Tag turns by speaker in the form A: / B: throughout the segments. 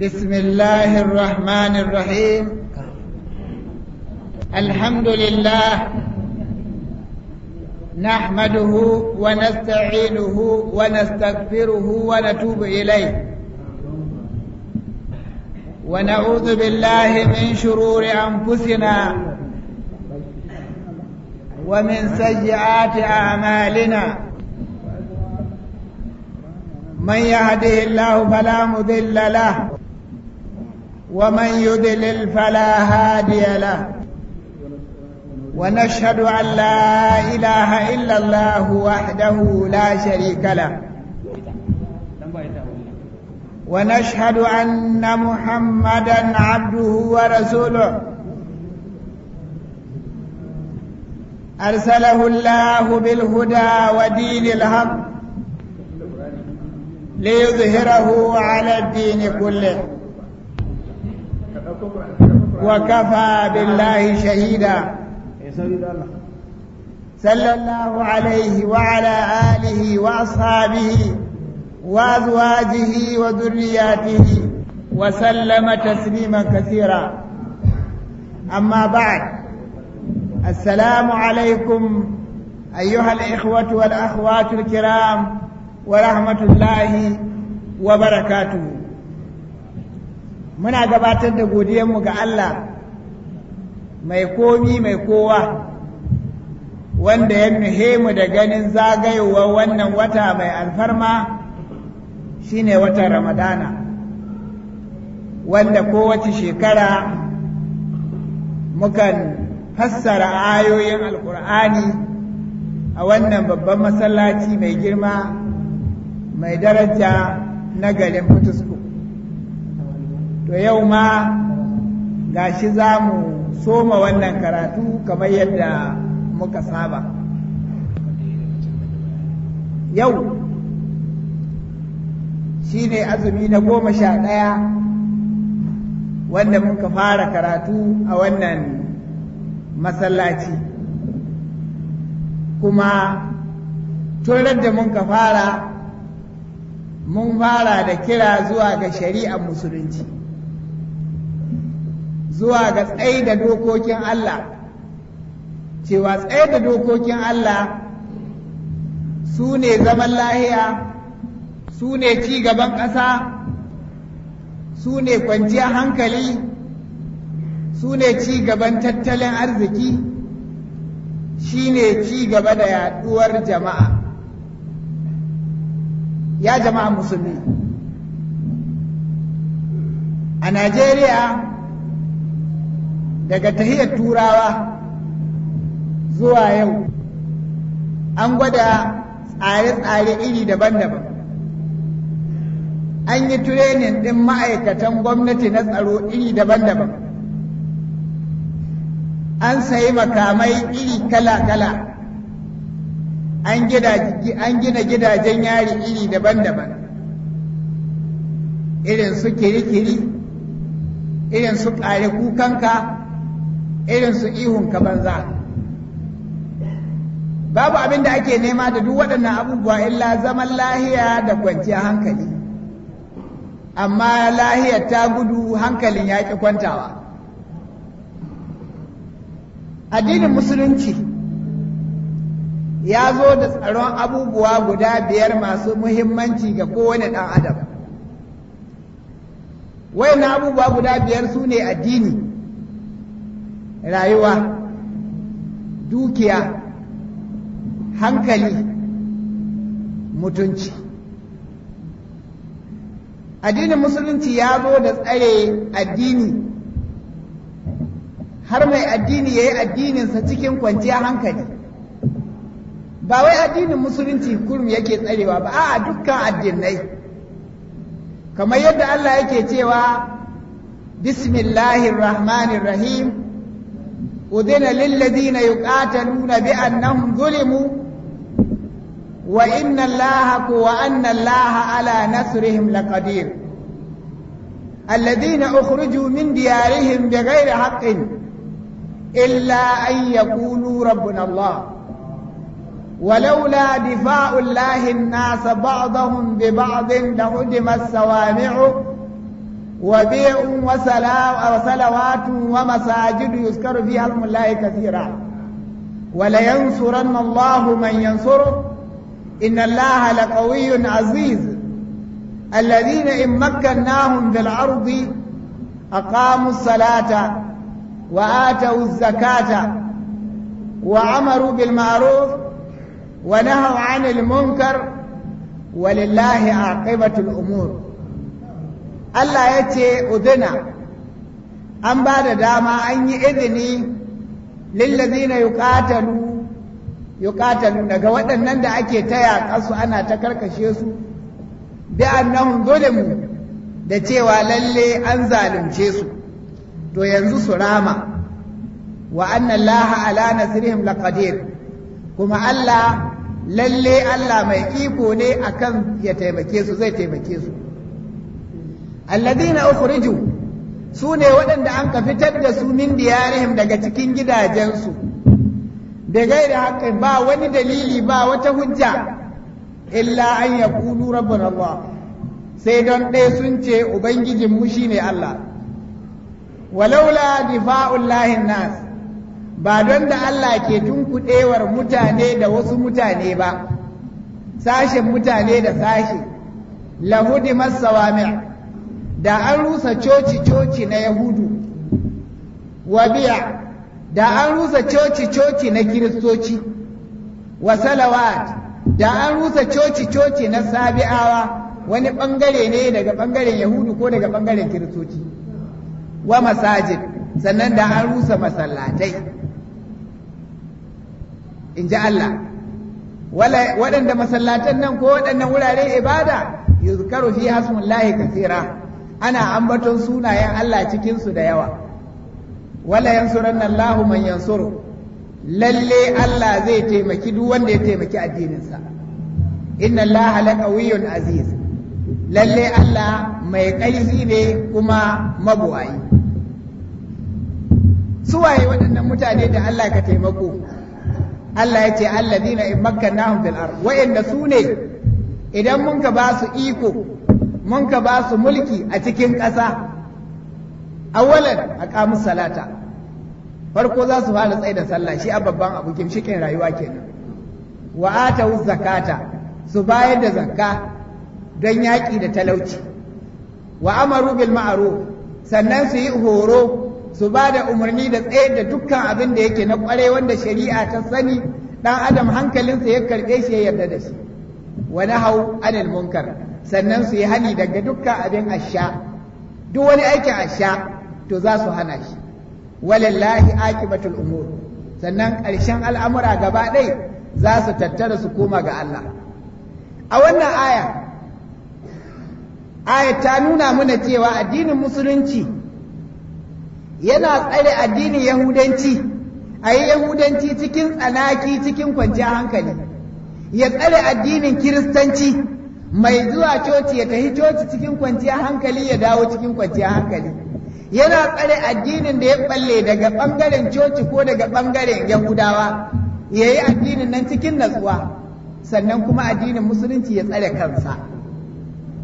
A: بسم الله الرحمن الرحيم الحمد لله نحمده ونستعينه ونستغفره ونتوب إليه ونعوذ بالله من شرور أنفسنا ومن سيئات أعمالنا من يهده الله فلا مذل له ومن يدلل فلا هادي له ونشهد أن لا إله إلا الله وحده لا شريك له ونشهد أن محمدا عبده ورسوله أرسله الله بالهدى ودين الحق ليظهره على الدين كله وكفى بالله شهيدا صلى الله عليه وعلى آله وأصحابه وأزواجه وذرياته وسلم تسليما كثيرا أما بعد السلام عليكم أيها الإخوة والأخوات الكرام ورحمة الله وبركاته muna gabatar da godiyanmu ga Allah mai komi mai kowa wanda ya nuhe mu da ganin zagayowar wannan wata mai alfarma shine watan ramadana wanda kowace shekara mukan fassara ayoyin alkur'ani a wannan babban masallaci mai girma mai daraja na garin fitusku to yau ma ga shi za mu soma wannan karatu kamar yadda muka saba yau shi ne azumi na goma sha ɗaya wanda muka fara karatu a wannan masallaci kuma tun da muka fara mun fara da kira zuwa ga shari'ar musulunci zuwa ga tsaye da dokokin Allah cewa tsaye da dokokin Allah su ne zaman lahiya su ne ci gaban ƙasa su ne kwanciyar hankali su ne ci gaban tattalin arziki shi ne ci gaba da yaɗuwar jama'a ya jama'a musulmi a najeriya daga tahiyar turawa zuwa yau an gwada tsare-tsare iri daban-daban an yi tirenin ɗin ma'aikatan gwamnati na tsaro iri daban-daban an sayi makamai iri kala-kala an gina gidajen yari iri daban-daban irin su kirikiri irin su ƙare kukanka irin su ihun ka banza babu abin da ake nema da duk waɗannan abubuwa illa zaman lahiya da kwanciyar hankali amma lahiyar ta gudu hankalin ya ƙi kwantawa addinin musulunci ya zo da tsaron abubuwa guda biyar masu muhimmanci ga kowane ɗan adam wayan abubuwa guda biyar su ne addini rayuwa dukiya hankali mutunci addinin musulunci ya zo da tsare addini har mai addini ya yi addininsa cikin kwanciya hankali ba wai addinin musulunci kurum yake tsarewa ba a dukkan addinai kamar yadda Allah yake cewa bismillahir rahmanir rahim أذن للذين يقاتلون بأنهم ظلموا وإن الله وأن الله على نصرهم لقدير الذين أخرجوا من ديارهم بغير حق إلا أن يقولوا ربنا الله ولولا دفاع الله الناس بعضهم ببعض لهدمت الصوامع وبيع وصلوات ومساجد يذكر فيها اسم الله كثيرا ولينصرن الله من ينصره إن الله لقوي عزيز الذين إن مكناهم في الأرض أقاموا الصلاة وآتوا الزكاة وعمروا بالمعروف ونهوا عن المنكر ولله عاقبة الأمور Allah ya ce udina an ba da dama an yi izini lillazina yuqatalu yuqatalu daga waɗannan da ake taya kasu ana ta karkashe su bi annahum zulimu da cewa lalle an zalunce su to yanzu su rama wa anna allaha ala nasrihim laqadir kuma Allah lalle Allah mai iko ne akan ya taimake su zai taimake su alladhina ukhriju su ne waɗanda an ka fitar da su min diyarihim daga cikin gidajensu da gairi haka ba wani dalili ba wata hujja illa an yaqulu rabbana Allah sai don ɗaya sun ce ubangijin mu shine Allah walaula difa'ul lahin nas ba don da Allah ke tunkuɗewar mutane da wasu mutane ba sashen mutane da sashe lahudi masawami' da an rusa coci-coci na yahudu wa biya da an rusa coci-coci na kiristoci wa salawat da an rusa coci-coci na sabi'awa wani ɓangare ne daga ɓangaren yahudu ko daga ɓangaren kiristoci wa masajid sannan da an rusa masallatai in ji Allah waɗanda masallatan nan ko waɗannan wuraren ibada yuzkaru fi hasmullahi kasira ana ambaton sunayen Allah cikinsu da yawa wala yansuranna Allahu man yansuru lalle Allah zai taimaki duk wanda ya taimaki addininsa inna Allah laqawiyyun aziz lalle Allah mai ƙarfi ne kuma mabuwayi suwaye waɗannan mutane da Allah ka taimako Allah ya ce dina in makkannahum fil ard wa'inda su idan mun ka ba su iko mun ka ba su mulki a cikin ƙasa awalan a kamun salata farko za su fara tsaye da sallah shi a babban abu kimshikin rayuwa kenan wa atawu zakata su bayar da zakka don yaƙi da talauci wa amaru bil ma'ruf sannan su yi horo su ba da umarni da tsaye da dukkan abin da yake na ƙware wanda shari'a ta sani dan adam hankalinsa ya karɓe shi ya yarda da shi wa nahau anil munkar sannan su yi hani daga dukkan abin asha duk wani aikin asha to za su hana shi walillahi akibatul umur sannan ƙarshen al'amura gaba ɗai za su tattara su koma ga Allah a wannan aya aya ta nuna mana cewa addinin musulunci yana tsare addinin yahudanci a yi yahudanci cikin tsanaki cikin kwanciyar hankali ya tsare addinin kiristanci mai zuwa coci ya tafi coci cikin kwanciyar hankali ya dawo cikin kwanciyar hankali yana tsare addinin da ya balle daga ɓangaren coci ko daga bangaren yahudawa ya yi addinin nan cikin natsuwa sannan kuma addinin musulunci ya tsare kansa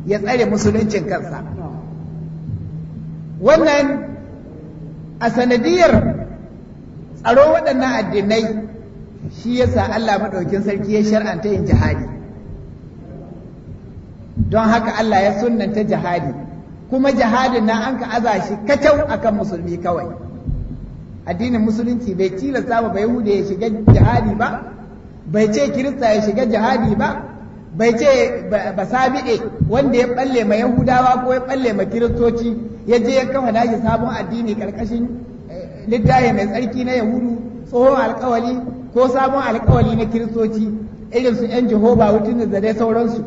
A: ya tsare musuluncin kansa wannan a sanadiyar tsaro waɗannan addinai shi yasa Allah maɗaukin sarki ya shar'anta yin jihadi don haka Allah ya sunnanta jihadi kuma jihadin na an ka aza shi kacau akan musulmi kawai addinin musulunci bai tilasta ba yahuda ya shiga jihadi ba bai ce kirista ya shiga jihadi ba bai ce ba sabi'e wanda ya ɓalle ma yahudawa ko ya balle ma kiristoci ya je ya kafa nashi sabon addini karkashin eh, littafi mai tsarki na yahudu tsohon alkawali ko sabon alkawali na kiristoci irinsu su yan jehova wutun da dai sauransu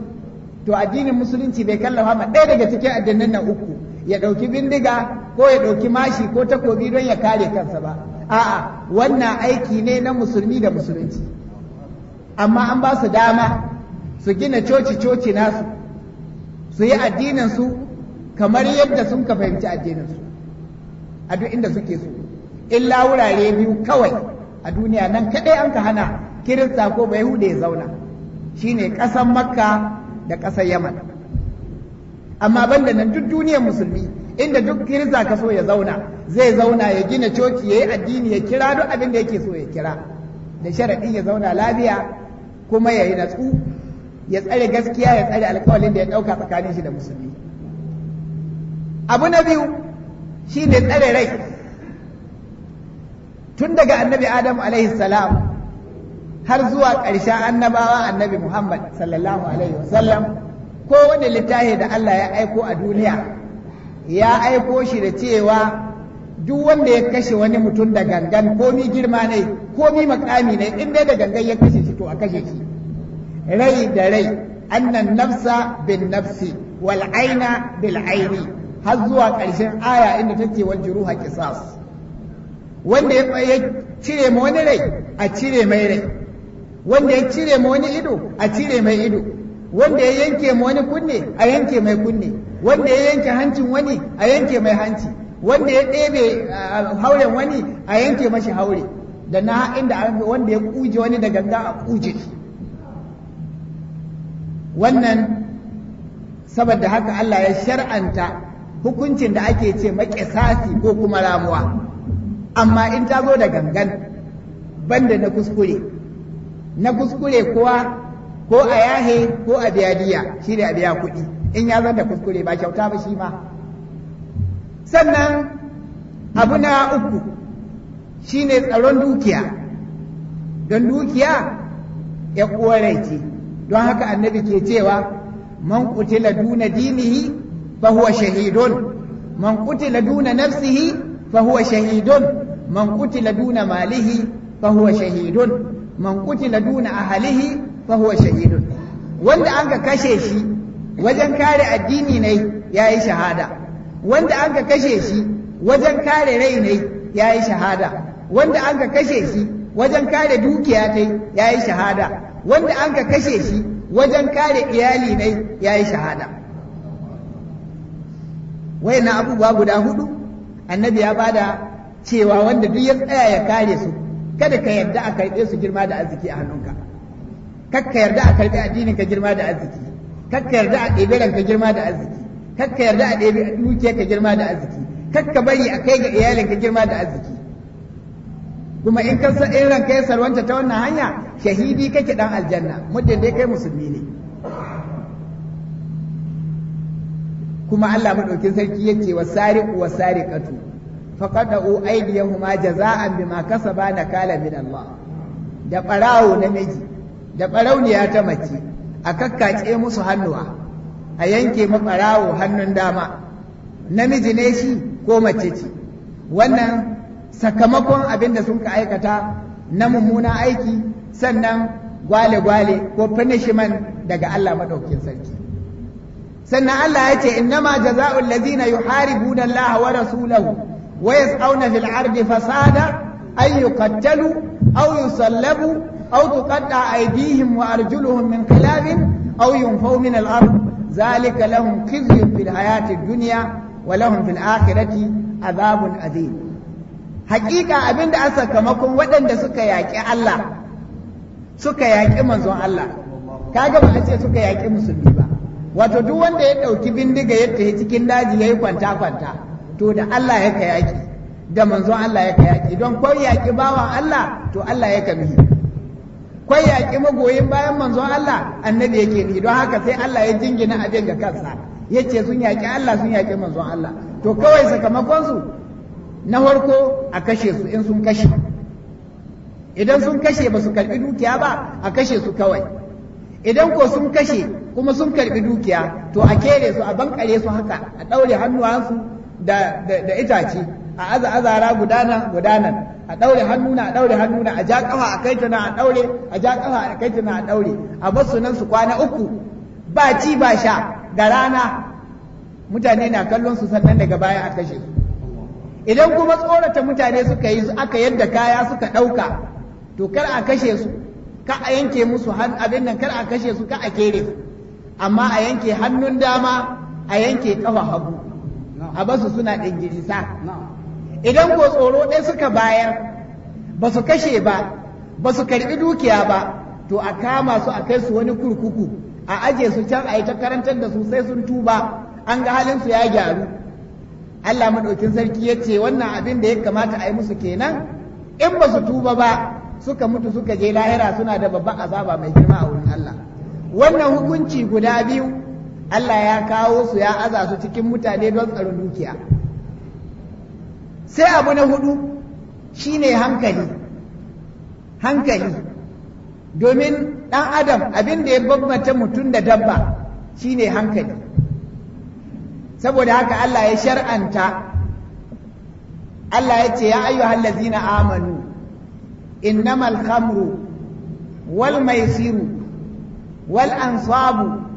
A: to addinin musulunci bai kallafa ma ɗaya daga cikin addinan nan uku ya ɗauki bindiga ko ya ɗauki mashi ko takobi don ya kare kansa ba a'a wannan aiki ne na musulmi da musulunci amma an ba su dama su gina coci-coci nasu su yi addininsu kamar yadda sun ka fahimci addininsu a duk inda suke so illa wurare biyu kawai a duniya nan kaɗai an ka hana kirista ko bai hude ya zauna shine ƙasan makka da ƙasar yaman amma ban da nan duk duniyar musulmi inda duk girza ka so ya zauna zai zauna ya gina coci ya yi addini ya kira duk abin da yake so ya kira da sharaɗin ya zauna lafiya kuma ya yi natsu ya tsare gaskiya ya tsare alkawalin da ya ɗauka tsakanin shi da musulmi abu na biyu shi ne tsare rai tun daga annabi adamu alaihi har zuwa ƙarshen annabawa annabi Muhammad sallallahu alaihi wasallam ko wani littafi da Allah ya aiko a duniya ya aiko shi da cewa duk wanda ya kashe wani mutum da gangan komi girma ne komi makami ne in dai da gangan ya kashe shi to a kashe shi rai da rai annan nafsa bin nafsi wal aina bil aini har zuwa ƙarshen aya inda ta ce wal juruha qisas wanda ya cire ma wani rai a cire mai rai wanda ya cire ma wani ido a cire mai ido wanda ya yanke ma wani kunne a yanke mai kunne wanda ya yanke hancin wani a yanke mai hanci wanda ya ɗebe ah, hauren wani a yanke mashi haure da na inda wanda ya kuje wani da ganga a kuje wannan saboda haka Allah ya shar'anta hukuncin da ake ce maƙisasi ko kuma ramuwa amma in ta zo da gangan banda na kuskure na kuskure kuwa ko a yahe ko a biya diya shi ne a biya kuɗi in ya zanta kuskure ba kyauta ba shi ma sannan abu na uku shi ne tsaron dukiya don dukiya ya ƙorai ce don haka annabi ke cewa man kutila duna dinihi fa huwa shahidun man kutila duna nafsihi fa huwa shahidun man kutila duna malihi fa huwa shahidun man kutila duna ahlihi fa huwa shahidun wanda anka kashe shi wajen kare addini ne yayi shahada wanda anka kashe shi wajen kare rai ne yayi shahada wanda anka kashe shi wajen kare dukiya ta yayi shahada wanda anka kashe shi wajen kare iyali ne yayi shahada wayannan abubuwa guda hudu annabi ya bada cewa wanda duk ya tsaya ya kare su kada ka yarda a karɓe su girma da arziki a hannunka kakka yarda a karɓe addinin ka girma da arziki kakka yarda a ɗebe ranka girma da arziki kakka yarda a ɗebe dukiyar ka girma da arziki kakka bari a kai ga iyalin ka girma da arziki kuma in kan in ranka ya sarwanta ta wannan hanya shahidi kake dan aljanna muddin dai kai musulmi ne kuma Allah madaukin sarki yace wasariqu wasariqatu faqadau aydiyahuma jaza'an bima kasaba nakala min Allah da barawo namiji da barauniya ta mace a kakkace musu hannuwa a yanke barawo hannun dama namiji ne shi ko mace ce wannan sakamakon abin da sun ka aikata na mummuna aiki sannan gwale-gwale ko punishment daga Allah maɗaukin sarki sannan Allah ya ce innama jaza'ul ladzina yuharibuna Allah wa rasulahu ويسعون في العرض فسادا أن يقتلوا أو يصلبوا أو تقطع أيديهم وأرجلهم من خلاف أو ينفوا من الأرض ذلك لهم خزي في الحياة الدنيا ولهم في الآخرة عذاب عظيم حقيقة أبين أسا كمكم ودن دا سكا ياكي الله سكا ياكي منزون الله كاغا ما أسي سكا ياكي مسلمي با wato duk wanda ya ɗauki bindiga ya tafi cikin daji ya yi kwanta-kwanta to da Allah ya ka yaƙi da manzon Allah ya ka yaƙi don kwai yaƙi bawan Allah to Allah ya ka mihi kwai yaƙi magoyin bayan manzon Allah annabi yake ni don haka sai Allah ya jingina abin ga kansa ya ce sun yaƙi Allah sun yaƙi manzon Allah to kawai sakamakonsu, na farko a kashe su in sun kashe idan sun kashe ba su karɓi dukiya ba a kashe su kawai idan ko sun kashe kuma sun karɓi dukiya to a kere su a bankare su haka a ɗaure hannuwansu da itace a aza azara gudana gudanan a daure hannuna a daure na a ja kafa a kai na a daure a ja kafa a kai na a daure a basu nan su kwana uku ba ci ba sha da rana mutane na kallon su sannan daga baya a kashe idan kuma tsorata mutane suka yi aka yadda kaya suka ɗauka to kar a kashe su ka a yanke musu abin nan kar a kashe su ka a kere amma a yanke hannun dama a yanke ƙafa hagu a basu suna ɗingirisa idan ko tsoro ɗaya suka bayar ba su kashe ba ba su karɓi dukiya ba to a kama su a kai su wani kurkuku a aje su can a yi ta karantar da su sai sun tuba an ga halin su ya gyaru Allah maɗaukin sarki ya ce wannan abin da ya kamata a yi musu kenan in ba su tuba ba suka mutu suka je lahira suna da babban azaba mai girma a wurin Allah wannan hukunci guda biyu Allah ya kawo su ya aza su cikin mutane don tsaron dukiya sai abu na hudu shine hankali hankali domin ɗan adam abin da ya bambanta mutum da dabba shine hankali saboda haka Allah ya shar'anta Allah ya ce ya ayyuhal na amanu innamal khamru wal maisiru wal ansabu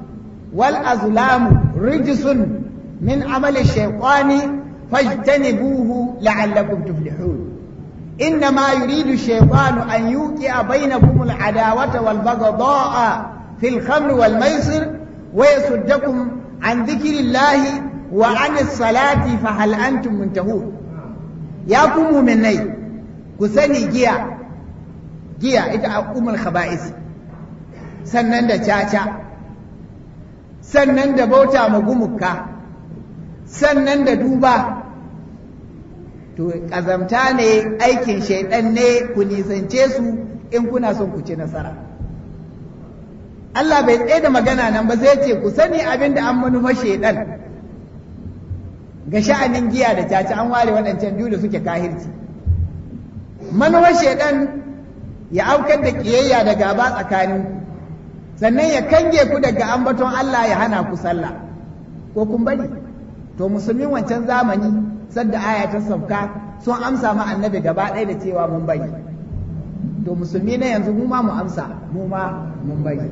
A: والأظلام رجس من عمل الشيطان فاجتنبوه لعلكم تفلحون إنما يريد الشيطان أن يوقع بينكم العداوة والبغضاء في الخمر والميسر ويصدكم عن ذكر الله وعن الصلاة فهل أنتم منتهون يا قوم مني كسني جيا جيا إذا أقوم الخبائث سنن دا sannan da bauta ma gumuka sannan da duba to ƙazamta ne aikin shaiɗan ne ku nisance su in kuna son ku ci nasara Allah bai tsaye da magana nan ba zai ce ku sani abin da an ma shaiɗan ga sha'anin giya da caca an ware waɗancan biyu da suke kahirci manufar shaiɗan ya aukar da ƙiyayya da gaba tsakaninku sannan ya kange ku daga ambaton Allah ya hana ku sallah ko kun bari to musulmin wancan zamani sadda aya ta sauka sun amsa ma annabi gaba ɗaya da cewa mun bari to musulmi na yanzu mu ma mu amsa mu ma mun bari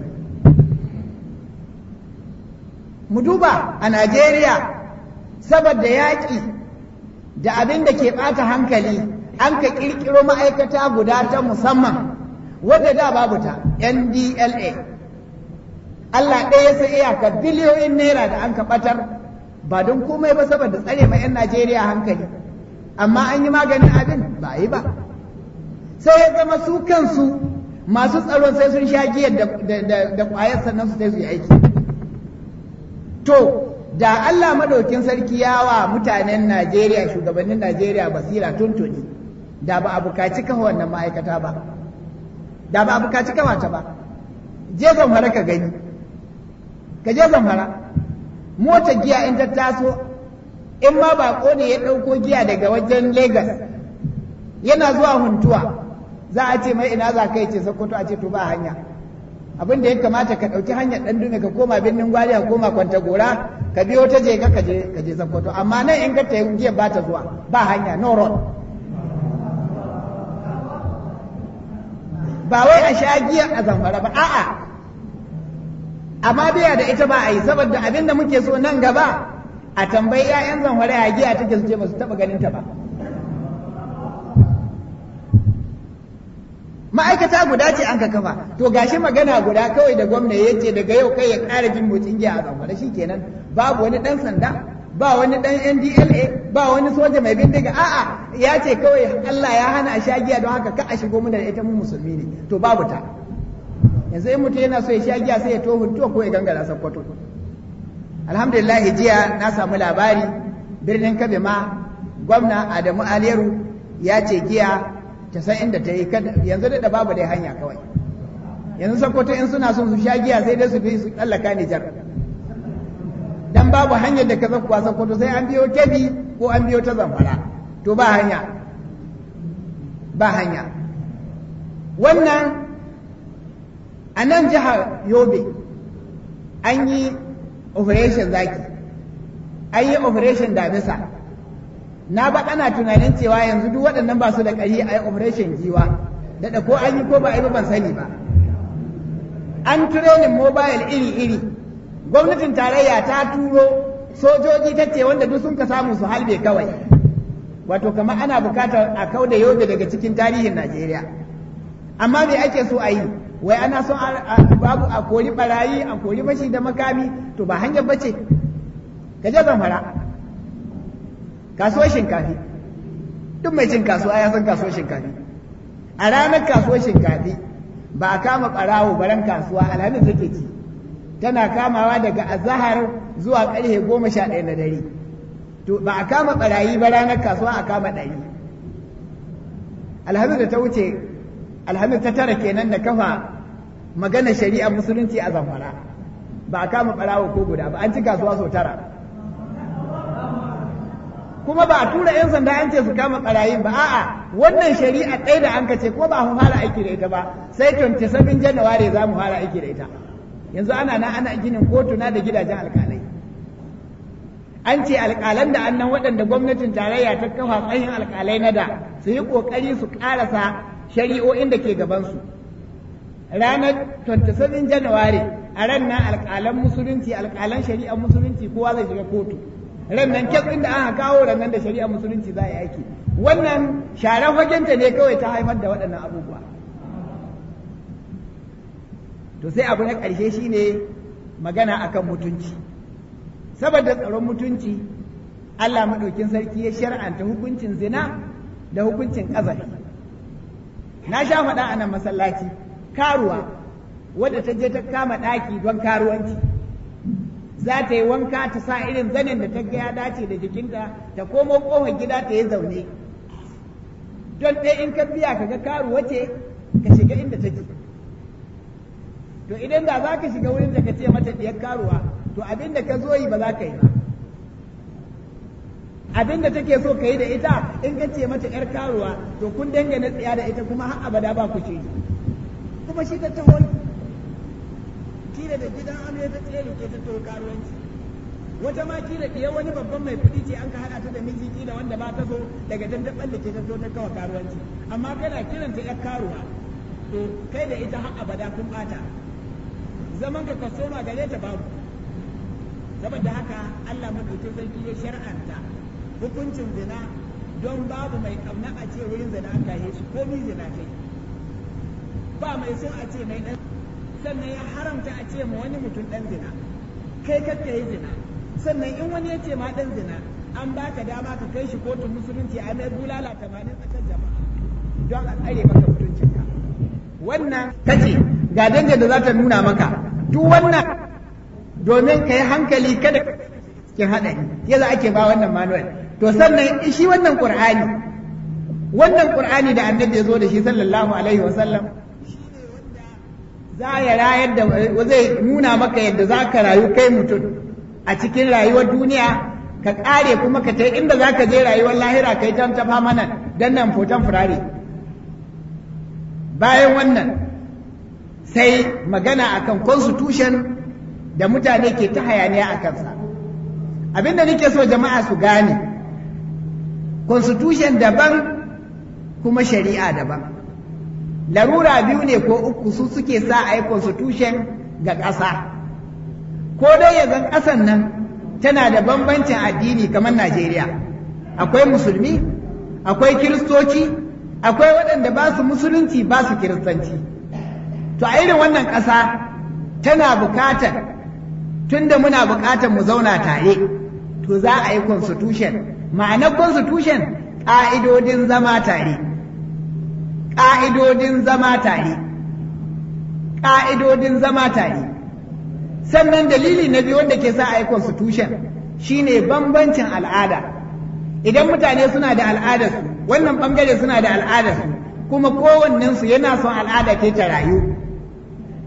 A: mu duba a Najeriya saboda yaƙi da abin da ke ɓata hankali an ka ƙirƙiro ma'aikata guda ta musamman wadda da babu ta ndla Allah ɗaya ya san iyaka biliyoyin naira da an kaɓatar ba don komai ba saboda tsare ma 'yan Najeriya hankali amma an yi maganin abin ba yi ba sai ya zama su kansu masu tsaron sai sun sha giyar da ƙwayar sannan su sai su yi aiki to da Allah madaukin sarki yawa mutanen Najeriya shugabannin Najeriya basira tuntuni da ba a bukaci kawo wannan ma'aikata ba da ba a bukaci kawata ba je zan haraka gani ka je zamfara motar giya in ta taso in ma bako ne ya ɗauko giya daga wajen Legas yana zuwa huntuwa za a ce mai ina za ka ce sokoto a ce to ba hanya abin da ya kamata ka ɗauki hanyar ɗan dume ka koma birnin gwari ka koma kwanta gora ka biyo ta je ka je ka je sokoto amma nan in ka tayi giya ba ta zuwa ba hanya no road ba wai a sha giya a zamfara ba a'a amma biya da ita ba a yi saboda abin da muke so nan gaba a tambayi 'ya'yan zanware a giya take su ce ba su taɓa ganin ta ba ma'aikata guda ce an ka kafa to gashi magana guda kawai da gwamna ya ce daga yau kai ya ƙara jin motsin giya a zanware shi kenan babu wani ɗan sanda ba wani ɗan ndla ba wani soja mai bindiga a'a ya ce kawai allah ya hana a sha giya don haka ka a shigo mu da ita mu musulmi ne to babu ta yanzu in mutum yana so ya sha giya sai ya to ko ya gangara sakkwato alhamdulillah jiya na samu labari birnin kabe ma gwamna adamu aliyaru ya ce giya ta san inda ta yi yanzu da babu dai hanya kawai yanzu sakkwato in suna son su sha giya sai dai su fi su tsallaka nijar dan babu hanyar da ka zakkuwa sakkwato sai an biyo kebi ko an biyo ta zamfara to ba hanya ba hanya wannan a nan jihar yobe an yi operation zaki an yi operation damisa na ba ana tunanin cewa yanzu duk waɗannan ba su da ƙari a yi operation giwa daɗa ko an yi ko ba a yi ban sani ba an training mobile iri-iri gwamnatin tarayya ta turo sojoji ta ce wanda duk sun ka samu su halbe kawai wato kamar ana bukatar a kauda yobe daga cikin tarihin najeriya amma me ake so a yi wai ana son babu a kori barayi a kori mashi da makami to ba hanyar bace ka je fara. kasuwar shinkafi duk mai cin kasuwa ya san kasuwar shinkafi a ranar kasuwar shinkafi ba a kama barawo baran kasuwa alhamis take ci tana kamawa daga azahar zuwa karfe goma sha ɗaya na dare to ba a kama barayi ba ranar kasuwa a kama ɗari alhamis da ta wuce alhamis ta tara kenan da kafa magana shari'a musulunci a zamfara ba a kama barawa ko guda ba an ci kasuwa sau tara kuma ba a tura 'yan sanda an ce su kama barayin ba a'a wannan shari'a ɗaya da an kace ko ba mu fara aiki da ita ba sai 27 janawari za mu fara aiki da ita yanzu ana na ana ginin kotuna da gidajen alƙalai an ce alƙalan da annan waɗanda gwamnatin tarayya ta kafa tsayin alƙalai na da su yi ƙoƙari su ƙarasa shari'o'in da ke gabansu ranar 27 janawari, a ran nan alƙalan musulunci alƙalan shari'ar musulunci kowa zai shiga kotu rannan nan ɗin da aka kawo ran da shari'ar musulunci za a yi aiki wannan sharar fagenta ne kawai ta haifar da waɗannan abubuwa to sai abu na ƙarshe shi ne magana a kan mutunci saboda tsaron mutunci Allah maɗaukin sarki ya shar'anta hukuncin zina da hukuncin ƙazafi na sha faɗa a nan masallaci karuwa wadda ta je ta kama ɗaki don karuwanci za ta yi wanka ta sa irin zanin da ta gaya dace da jikinta ta komo ƙofar gida ta yi zaune don ɗaya in ka biya ka ga karuwa ce ka shiga inda ta take to idan da za ka shiga wurin da ka ce mata ɗiyar karuwa to abin da ka zo yi ba za ka yi ba abinda take so ka yi da ita in ka ce mata yar karuwa to kun na tsaya da ita kuma har abada ba ku ce kuma shi ta hol? kila da gidan aure ta tsaye ke ta taho karuwanci wata ma kila ɗaya wani babban mai kuɗi ce an ka haɗa ta da miji kila wanda ba ta so daga dan ta ke ta taho ta kawa karuwanci amma kana kiran ta yar karuwa to kai da ita har abada kun bata zaman ka ma gare ta babu saboda haka Allah mutum sarki ya shar'anta hukuncin zina don babu mai kamna a ce wurin zina an gaye shi ko ni zina kai ba mai son a ce mai dan sannan ya haramta a ce ma wani mutum dan zina kai ka yi zina sannan in wani ya ce ma dan zina an baka dama ka kai shi kotun musulunci a mai bulala tamanin tsakar jama'a don a tsare maka mutuncinka wannan kace ga dangar da za ta nuna maka duk wannan domin ka yi hankali kada cikin haɗari yadda ake ba wannan manuwal to sannan shi wannan qur'ani wannan qur'ani da annabi ya zo da shi sallallahu alaihi wa sallam za ya rayar da zai nuna maka yadda za ka rayu kai mutum a cikin rayuwar duniya ka ƙare kuma ka ta inda za ka je rayuwar lahira kai ta ta fama nan dan nan fotan furare bayan wannan sai magana akan constitution da mutane ke ta hayaniya a kansa abinda nake so jama'a su gane constitution daban kuma shari'a daban larura biyu ne ko uku su suke sa a yi constitution ga ƙasa ko dai ya ƙasan nan tana da bambancin addini kamar najeriya akwai musulmi akwai kiristoci akwai waɗanda ba su musulunci ba su kiristanci to a irin wannan ƙasa tana buƙatar tunda muna buƙatar mu zauna tare to za a yi constitution ma'anar constitution ƙa'idodin zama tare ƙa'idodin zama tare ƙa'idodin zama tare sannan dalili na biyu wanda ke sa a yi constitution shine bambancin al'ada idan mutane suna da al'adarsu wannan bangare suna da al'adarsu kuma su yana son al'ada ke ta rayu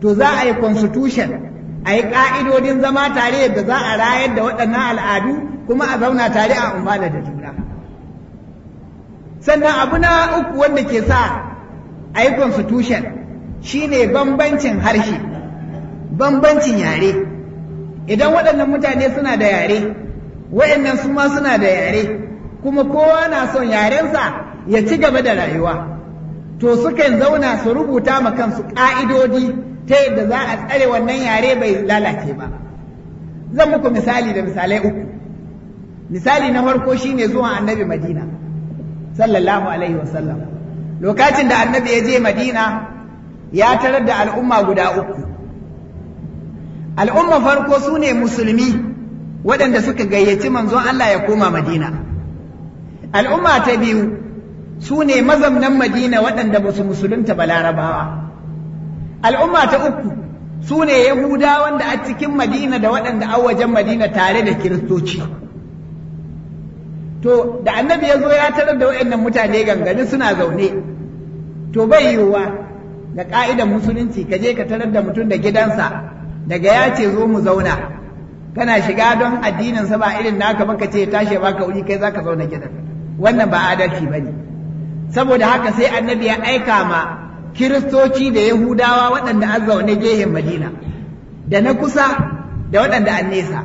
A: to za a yi constitution a yi ƙa'idodin zama tare da za a rayar da waɗannan al'adu kuma a zauna tare a amfana da juna sannan abu na uku wanda ke sa a yi constitution ne bambancin harshe bambancin yare idan waɗannan mutane suna da yare waɗannan su ma suna da yare kuma kowa na son yarensa ya ci gaba da rayuwa to sukan zauna su rubuta ma kansu ƙa'idodi ta yadda za a tsare wannan yare bai lalace ba zan muku misali da misalai uku misali na farko shine zuwa annabi madina sallallahu alaihi wasallam lokacin da annabi ya je madina ya tarar da al'umma guda uku al'umma farko su ne musulmi waɗanda suka gayyaci manzon Allah ya koma madina al'umma ta biyu su ne mazamnan madina waɗanda ba su musulunta ba larabawa al'umma ta uku su ne yahuda wanda a cikin madina da waɗanda a wajen madina tare da kiristoci to da annabi ya zo ya tarar da waɗannan mutane gangari suna zaune to bai yiwuwa da ka'idan musulunci ka je ka tarar da mutum da gidansa daga ya ce zo mu zauna kana shiga don addinin sa ba irin naka ba ka ce tashi ba ka wuri kai za ka zauna gidan wannan ba adalci ba ne saboda haka sai annabi ya aika ma kiristoci da yahudawa waɗanda an zaune gehen madina da na kusa da waɗanda an nesa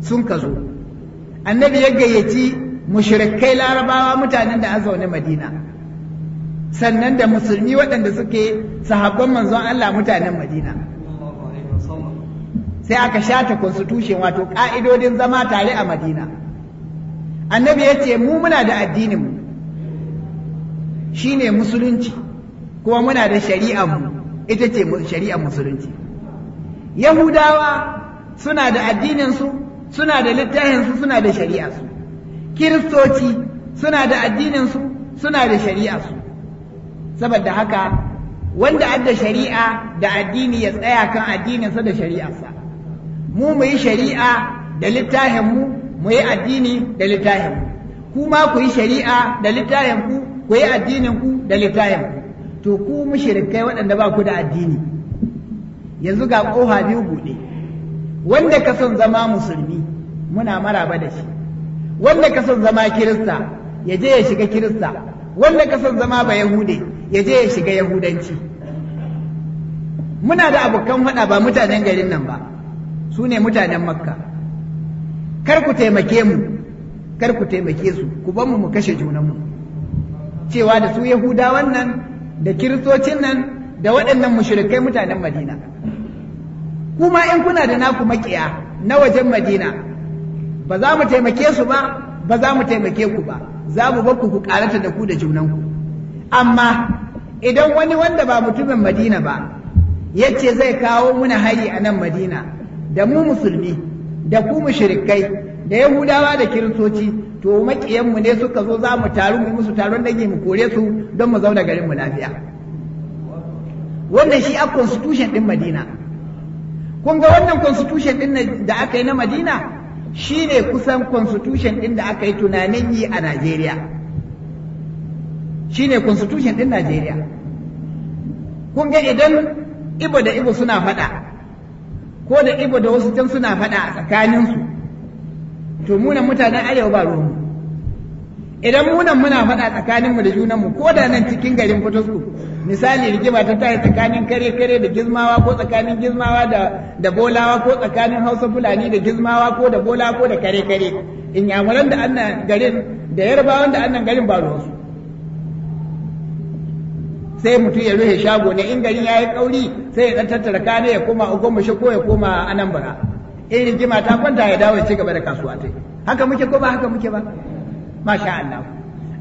A: sun ka zo annabi ya gayyaci mushrikai larabawa mutanen da azaune madina sannan da musulmi waɗanda suke sahabban manzon Allah mutanen madina sai aka shata constitution wato ƙa'idodin zama tare a madina annabi ya ce mu muna da addininmu shine musulunci kuma muna da shari'armu ita ce shari'ar musulunci yahudawa suna da addininsu suna da littafinsu suna da shari'arsu kiristoci suna da addininsu suna da shari'arsu saboda haka wanda adda shari'a da addini ya tsaya kan addininsa da shari'arsa mu mu yi shari'a da littafinmu mu yi addini da littafinmu kuma ku yi shari'a da littafinku ku yi addininku da littafinku to ku mushrikai waɗanda ba ku da addini yanzu ga ƙoha biyu buɗe wanda ka son zama musulmi muna maraba da shi wanda ka son zama kirista ya je ya shiga kirista wanda ka son zama ba yahude ya je ya shiga yahudanci muna da abokan faɗa ba mutanen garin nan ba su ne mutanen makka kar ku taimake mu kar ku taimake su ku ban mu mu kashe junanmu cewa da su yahudawan nan da kiristocin nan da waɗannan mushrikai mutanen madina kuma in kuna da naku makiya na wajen madina ba za mu taimake su ba ba za mu taimake ku ba za mu bar ku karata da ku da junanku amma idan wani wanda ba mutumin madina ba yace zai kawo muna hari a nan madina da mu musulmi da ku mushrikai da yahudawa da kiristoci to maƙiyanmu ne suka zo za mu taru mu musu taron dangi mu kore su don mu zauna garin mu lafiya wannan shi a constitution din madina kun ga wannan constitution ɗin da aka yi na madina shi ne kusan constitution ɗin da aka yi tunanin yi a Najeriya shi ne constitution ɗin Najeriya kun ga idan Ibo da Ibo suna faɗa ko da Ibo da wasu can suna faɗa a tsakaninsu to munan mutanen arewa ba ruwanmu idan munan muna faɗa tsakaninmu da junanmu ko da nan cikin garin fitosku misali rigima ta tare tsakanin kare kare da gizmawa ko tsakanin gizmawa da da bolawa ko tsakanin hausa fulani da gizmawa ko da bola ko da kare kare in yamuran da annan garin da yarbawan da annan garin ba su sai mutum ya rufe shago ne in garin yayi kauri sai ya tattara kane ya koma ogomashi ko ya koma bara. in rigima ta kwanta ya dawo ci gaba da kasuwa tai haka muke ko ba haka muke ba masha Allah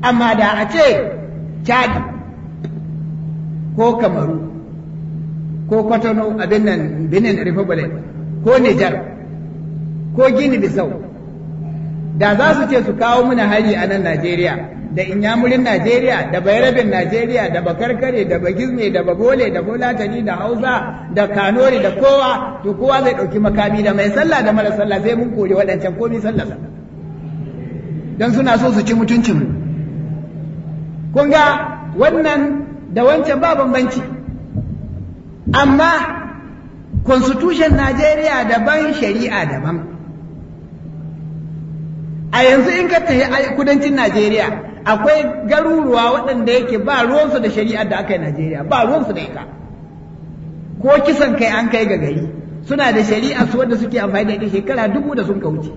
A: amma da a ce chad ko Kamaru ko Kwatano abin nan Benin Republic ko Niger ko gini bisau da za su ce su kawo mana hari a nan Najeriya da inyamurin Najeriya da bayarabin Najeriya da bakarkare da bagizme da bagole da bulatani da hausa da kanori da kowa to kowa zai ɗauki makami da mai sallah da mara sallah sai mun kori waɗancan komi sallah don suna so su ci mutuncin kun ga wannan da wancan ba bambanci amma constitution najeriya daban shari'a daban a yanzu in ka tafi kudancin najeriya akwai garuruwa waɗanda yake ba ruwansu da shari'ar da aka yi najeriya ba ruwansu da ita ko kisan kai an kai ga gari suna da shari'a su wanda suke amfani da ita shekara dubu da sun kauce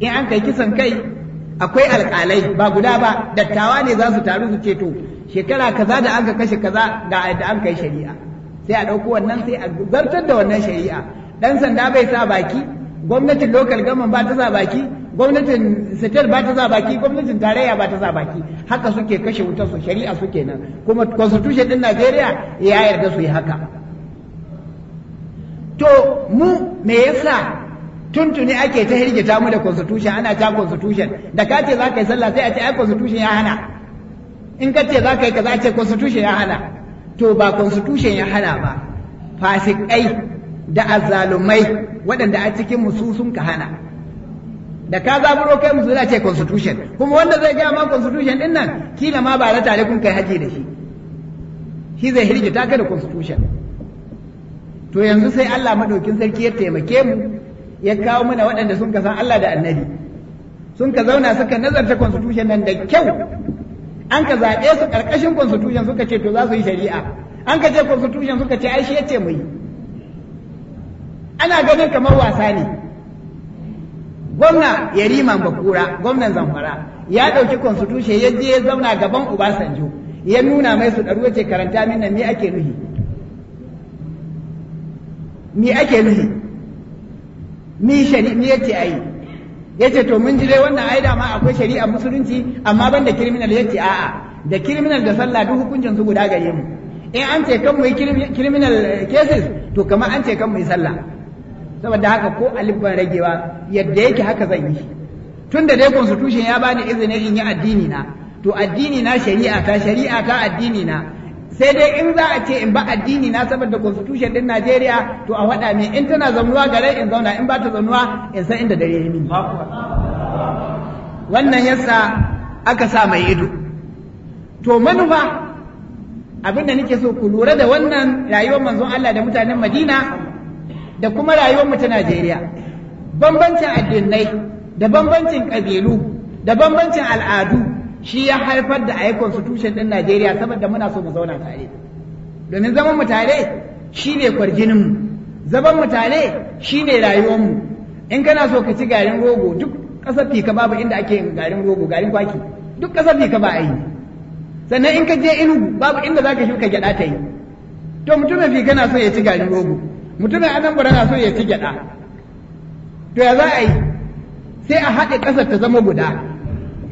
A: in an kai kisan kai akwai alƙalai ba guda ba dattawa ne za su taru su ce to shekara kaza da an ka kashe kaza ga da an kai shari'a sai a ɗauko wannan sai a zartar da wannan shari'a ɗan sanda bai sa baki gwamnatin lokal gaman ba ta sa baki gwamnatin sitar ba ta sa baki gwamnatin tarayya ba ta sa baki haka suke kashe wutar su shari'a suke nan kuma constitution din Najeriya ya yarda su yi haka to mu me yasa tuntuni ake ta hirgita mu da constitution ana ta constitution da ka ce za ka yi sallah sai a ce ai constitution ya hana in ka ce za ka yi kaza a ce constitution ya hana to ba constitution ya hana ba fasikai da azzalumai waɗanda a cikin musu sun ka hana da ka zaburo kai musu ce constitution kuma wanda zai gaya ma constitution din nan kila ma ba na tare kun kai haji da shi shi zai hirgita ka da constitution to yanzu sai Allah madaukin sarki ya taimake mu ya kawo mana waɗanda sun kasan san Allah da annabi sun ka zauna suka nazarta constitution nan da kyau an ka zaɓe su ƙarƙashin constitution suka ce to za su yi shari'a an ka je constitution suka ce ai shi yace mu yi ana ganin kamar wasa ne gwamna yariman bakura gwamnan zamfara ya ɗauki constitution ya je ya zauna gaban ubasanjo ya nuna mai su ɗaru ce karanta min nan me ake nuhi me ake nuhi Ni shari'a ni yace ai yace to mun ji dai wannan ai da ma akwai shari'a musulunci amma ban da criminal yace a'a da criminal da sallah duk hukuncin su guda gare mu in an ce kan mu yi criminal cases to kamar an ce kan mu yi sallah saboda haka ko alif ragewa yadda yake haka zan yi Tunda dai constitution ya bani izinin in yi addini na to addini na shari'a ta shari'a ta addini na sai dai in za a ce in ba addini na saboda constitution din Najeriya to a wada ne in tana zaunuwa gare in zauna in ba ta zaunuwa in san inda dare ya wannan yasa aka sa mai ido to manufa abin da nake so ku lura da wannan rayuwar manzon Allah da mutanen Madina da kuma rayuwar mu ta Najeriya bambancin addinai da bambancin kabilu da bambancin al'adu shi ya haifar da su tushen din Najeriya saboda muna so mu zauna tare domin zaman mu tare shine kwarginin mu zaman mu tare shine rayuwar mu in kana so ka ci garin rogo duk kasar fika babu inda ake yin garin rogo garin kwaki duk kasar fika ba a yi sannan in ka je inugu babu inda zaka shuka gyada ta yi to mutumin fika na so ya ci garin rogo mutumin anambra na so ya ci gyada to ya za a yi sai a haɗe ƙasar ta zama guda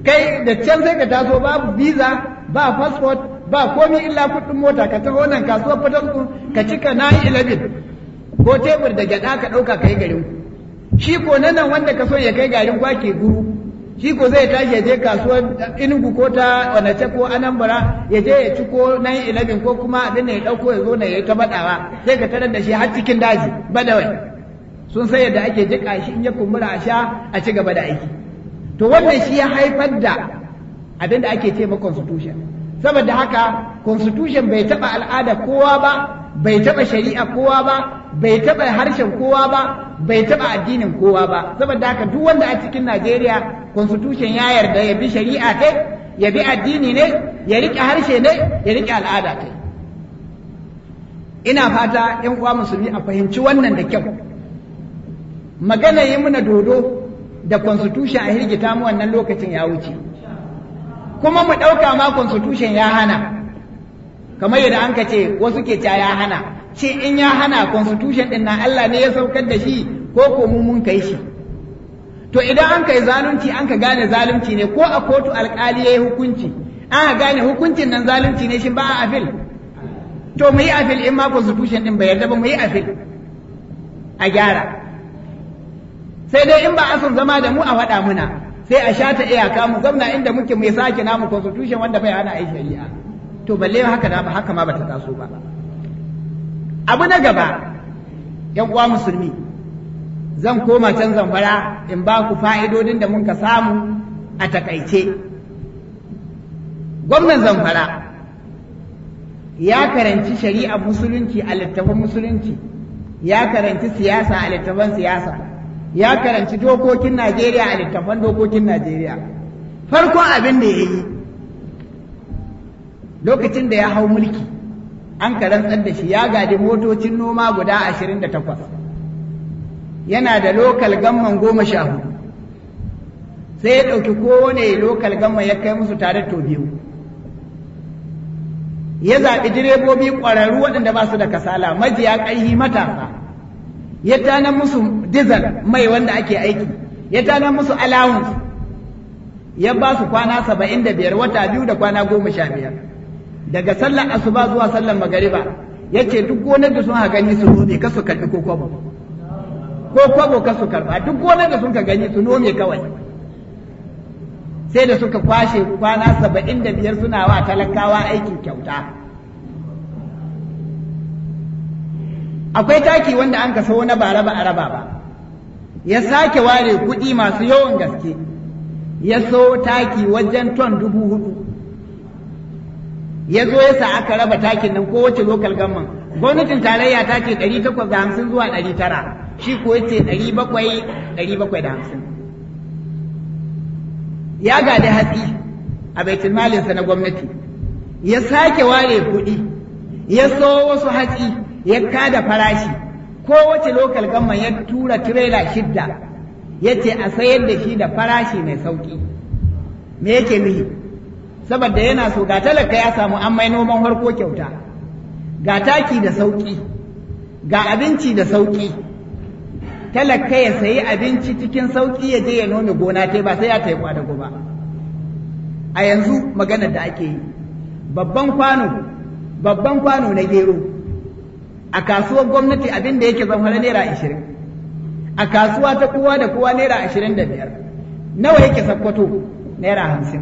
A: kai da can sai ka taso babu visa ba passport ba komi illa kuɗin mota ka taho nan kasuwar su ka cika na yi ilabin ko tebur da gyaɗa ka ɗauka kai garin shi ko nan wanda ka so ya kai garin kwake guru shi ko zai tashi ya je kasuwar inugu ko ta wanace ko anambra ya je ya ci ko nan ilabin ko kuma abin da ya ɗauko ya zo na ya yi ta baɗawa sai ka tarar da shi har cikin daji badawai sun sai yadda ake jiƙa shi in ya kumbura a sha a ci gaba da aiki to wannan shi ya haifar da abin da ake ce ma constitution saboda haka constitution bai taba al'ada kowa ba bai taɓa shari'a kowa ba bai taba harshen kowa ba bai taɓa addinin kowa ba saboda haka duk wanda a cikin najeriya constitution ya yarda ya bi shari'a ta ya bi addini ne ya riƙe harshe ne ya rike al'ada ta ina fata yan uwa musulmi a fahimci wannan da kyau magana yi muna dodo da constitution a hirgita mu wannan lokacin ya wuce kuma mu ɗauka ma constitution ya hana kamar yadda an ka ce wasu ke ta ya hana ce in ya hana constitution ɗin na Allah ne ya saukar da shi ko ko mu mun kai shi to idan an kai zalunci an ka gane zalunci ne ko a kotu alkali ya yi hukunci an ka gane hukuncin nan zalunci ne shin ba a afil to mu yi afil in ma constitution ɗin bai yarda ba mu yi afil a gyara sai dai in ba a son zama da mu a faɗa muna sai a shata iyaka mu gwamna inda muke mai sake namu constitution wanda bai hana yi shari'a to balle haka na ba haka ma bata taso ba abu na gaba yan uwa musulmi zan koma can zamfara in ba ku fa'idodin da mun ka samu a takaice gwamnan zamfara ya karanci shari'ar musulunci a littafin musulunci ya karanci siyasa a littafin siyasa ya karanci dokokin Najeriya a littafan dokokin Najeriya farkon abin da ya yi lokacin da ya hau mulki an karantsar da shi ya gadi motocin noma guda ashirin da takwas yana da lokal gamman goma sha hudu sai ya ɗauki kowane lokal gamman ya kai musu tare to biyu ya zaɓi direbobi ƙwararru waɗanda ba su da kasala majiya ƙarhi matasa ya tana musu dizal mai wanda ake aiki ya tana musu allowance ya ba su kwana saba'in da biyar wata biyu da kwana goma sha biyar daga sallar asuba zuwa sallar magariba ya ce duk gonar da sun haka gani su nome ka su karɓi ko kwabo ko kwabo ka su karɓa duk gonar da sun ka gani su nome kawai sai da suka kwashe kwana saba'in da biyar suna wa talakawa aikin kyauta akwai taki wanda an kaso na ba raba a raba ba ya sake ware kuɗi masu yawan gaske ya so taki wajen ton dubu hudu ya zo ya sa aka raba takin nan kowace lokal gamman gwamnatin tarayya ta ce 850 zuwa 900 shi kuwa ce 750 ya gada hatsi a baitin malinsa na gwamnati ya sake ware kuɗi ya so wasu hatsi ya kada farashi ko wace lokal gamman ya tura tirela shidda ya ce a sayar da shi da farashi mai sauƙi me yake nuhi saboda yana so ga talaka ya samu an mai noman harko kyauta ga taki da sauƙi ga abinci da sauƙi talaka ya sayi abinci cikin sauƙi ya je ya nome gona ta ba sai ya taiku da ba a yanzu maganar da ake yi babban kwano babban kwano na gero a kasuwar gwamnati abin da yake zama naira ashirin a kasuwa ta kowa da kowa naira ashirin da biyar nawa yake sakkwato naira hamsin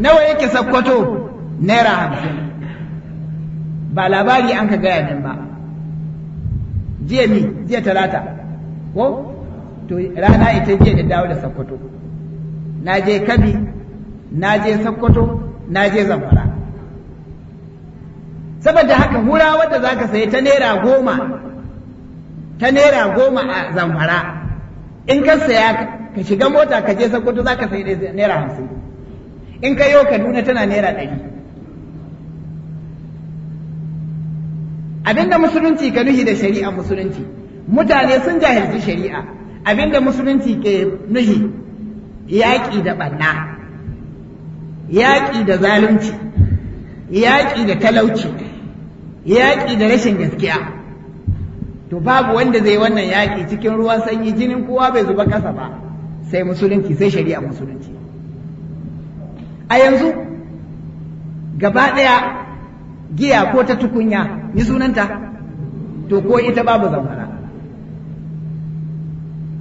A: nawa yake sakkwato naira hamsin ba labari an ka gaya nan ba jiya mi jiya talata ko to rana ita jiya da dawo da sakkwato na je kabi na je sakkwato na je zamfara saboda haka hura wadda za ka sayi ta naira goma ta naira goma a zamfara in ka saya ka shiga mota ka je sokoto za ka sayi naira hamsin in ka yi wa kaduna tana naira ɗari abinda musulunci ka nuhi da shari'a musulunci mutane sun jahilci shari'a abinda musulunci ke nuhi yaƙi da ɓanna yaƙi da zalunci yaƙi da talauci yaƙi da rashin gaskiya to babu wanda zai wannan yaƙi cikin ruwan sanyi jinin kowa bai zuba ƙasa ba sai musulunci sai shari'a musulunci a yanzu gaba ɗaya giya ko ta tukunya ni sunanta to ko ita babu zamfara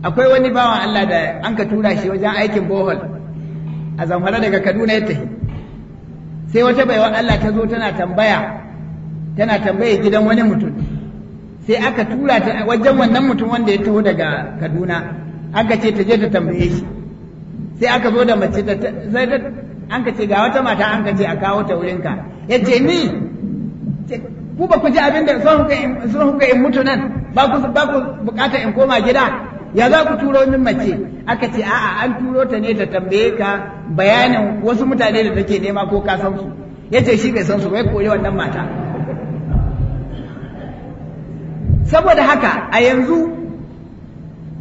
A: akwai wani bawan Allah da an ka tura shi wajen aikin bohol a zamfara daga kaduna ya tafi sai wata baiwa Allah ta zo tana tambaya tana tambaye gidan wani mutum sai aka tura ta wajen wannan mutum wanda ya taho daga kaduna aka ce ta je ta tambaye shi sai aka zo da mace ta sai ta an ka ce ga wata mata an ka ce a kawo ta ka ya ce ni ku ba ku ji abin da sun kuka in mutu nan ba ku ba ku bukata in koma gida ya za ku turo min mace aka ce a'a an turo ta ne ta tambaye ka bayanin wasu mutane da take nema ko ka san su yace shi bai san su bai koyi wannan mata saboda haka a yanzu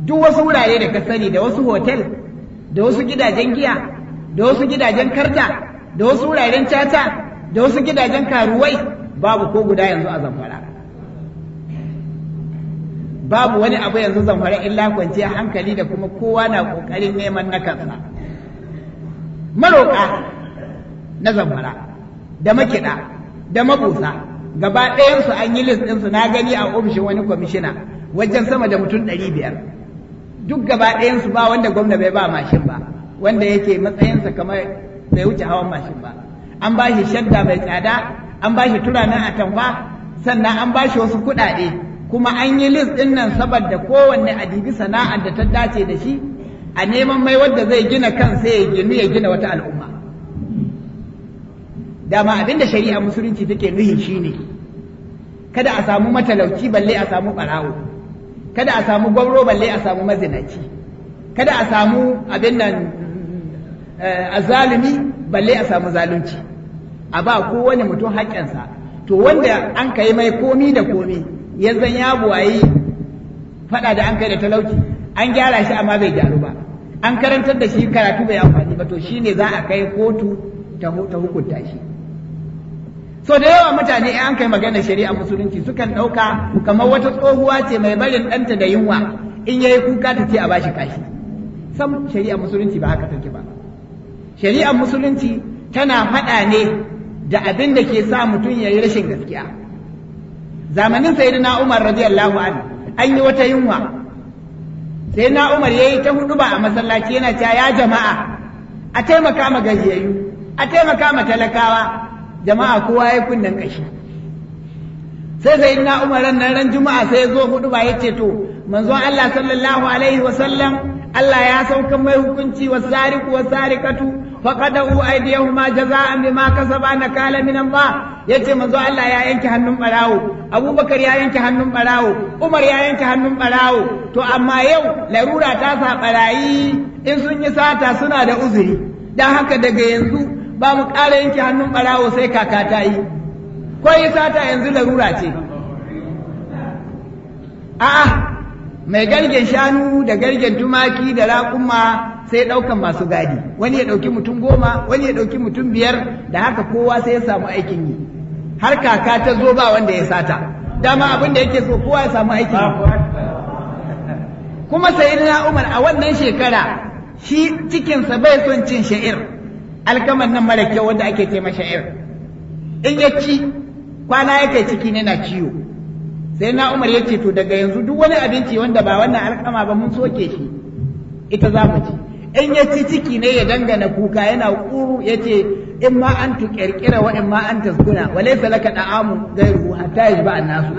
A: duk wasu wurare da ka sani da wasu hotel da wasu gidajen giya da wasu gidajen karta da wasu wuraren caca da wasu gidajen karuwai babu ko guda yanzu a zamfara babu wani abu yanzu zamfara illa kwanciya hankali da kuma kowa na ƙoƙarin neman na kansa maroƙa na zamfara da makiɗa da mabusa gaba ɗayansu an yi list ɗinsu na gani a ofishin wani kwamishina wajen sama da mutum ɗari biyar duk gaba ɗayansu ba wanda gwamna bai ba mashin ba wanda yake matsayinsa kamar bai wuce hawan mashin ba an ba shi shadda mai tsada an ba shi a atamfa sannan an ba shi wasu kuɗaɗe kuma an yi list ɗin nan saboda kowanne adibi sana'ar da ta dace da shi a neman mai wanda zai gina kansa ya ginu ya gina wata al'umma dama abinda shari'a musulunci take nuhi shine kada a samu matalauci balle a samu barawo kada a samu gwamro balle a samu mazinaci kada a samu abin nan eh, azalimi balle a samu zalunci a ba kowane mutum haƙƙinsa to wanda an kai mai komi da komi yanzu ya buwayi faɗa da an kai da talauci an gyara shi amma bai gyaru ba an karantar da shi karatu bai amfani ba to shine za a kai kotu ta hukunta shi so da yawa mutane in an kai magana shari'a musulunci sukan ɗauka kamar wata tsohuwa ce mai barin ɗanta da yunwa in ya yi kuka ta ce a bashi kashi sam shari'a musulunci ba haka take ba shari'ar musulunci tana faɗa ne da abin da ke sa mutum ya yi rashin gaskiya zamanin sayyidina umar radiyallahu anhu an yi wata yunwa sai na umar ya yi ta hudu ba a masallaci yana cewa ya jama'a a taimaka ma gajiyayyu a taimaka ma talakawa jama'a kowa ya kunnen kashi sai sai na umar ran ran juma'a sai ya zo hudu ba yace to manzon Allah sallallahu alaihi wa sallam Allah ya sauka mai hukunci wa sariqu wa sariqatu faqadu aydiyahuma jaza'an bima kasaba nakala min Allah yace manzo Allah ya yanke hannun barawo Abubakar ya yanke hannun barawo Umar ya yanke hannun barawo to amma yau larura ta sa barayi in sun yi sata suna da uzuri dan haka daga yanzu ba mu ƙara yanke hannun ɓarawo sai kaka ta yi ko yi sata yanzu larura ce a'a mai gargen shanu da gargen tumaki da raƙuma sai ɗaukan masu gadi wani ya ɗauki mutum goma wani ya ɗauki mutum biyar da haka kowa sai ya samu aikin yi har kaka ta zo ba wanda ya sata dama abin da yake so kowa ya samu aikin yi kuma sayyidina umar a wannan shekara shi cikinsa bai son cin sha'ir alkaman nan mara kyau wanda ake ce masa ir in ya ci kwana yake ciki ne na ciwo sai na umar ya ce to daga yanzu duk wani abinci wanda ba wannan alkama ba mun soke shi ita za mu ci in ya ci ciki ne ya dangana kuka yana kuru ya ce in ma an tu kirkira wa in ma an tasguna wa laysa laka da'amu ghayru hatta yajba an-nasu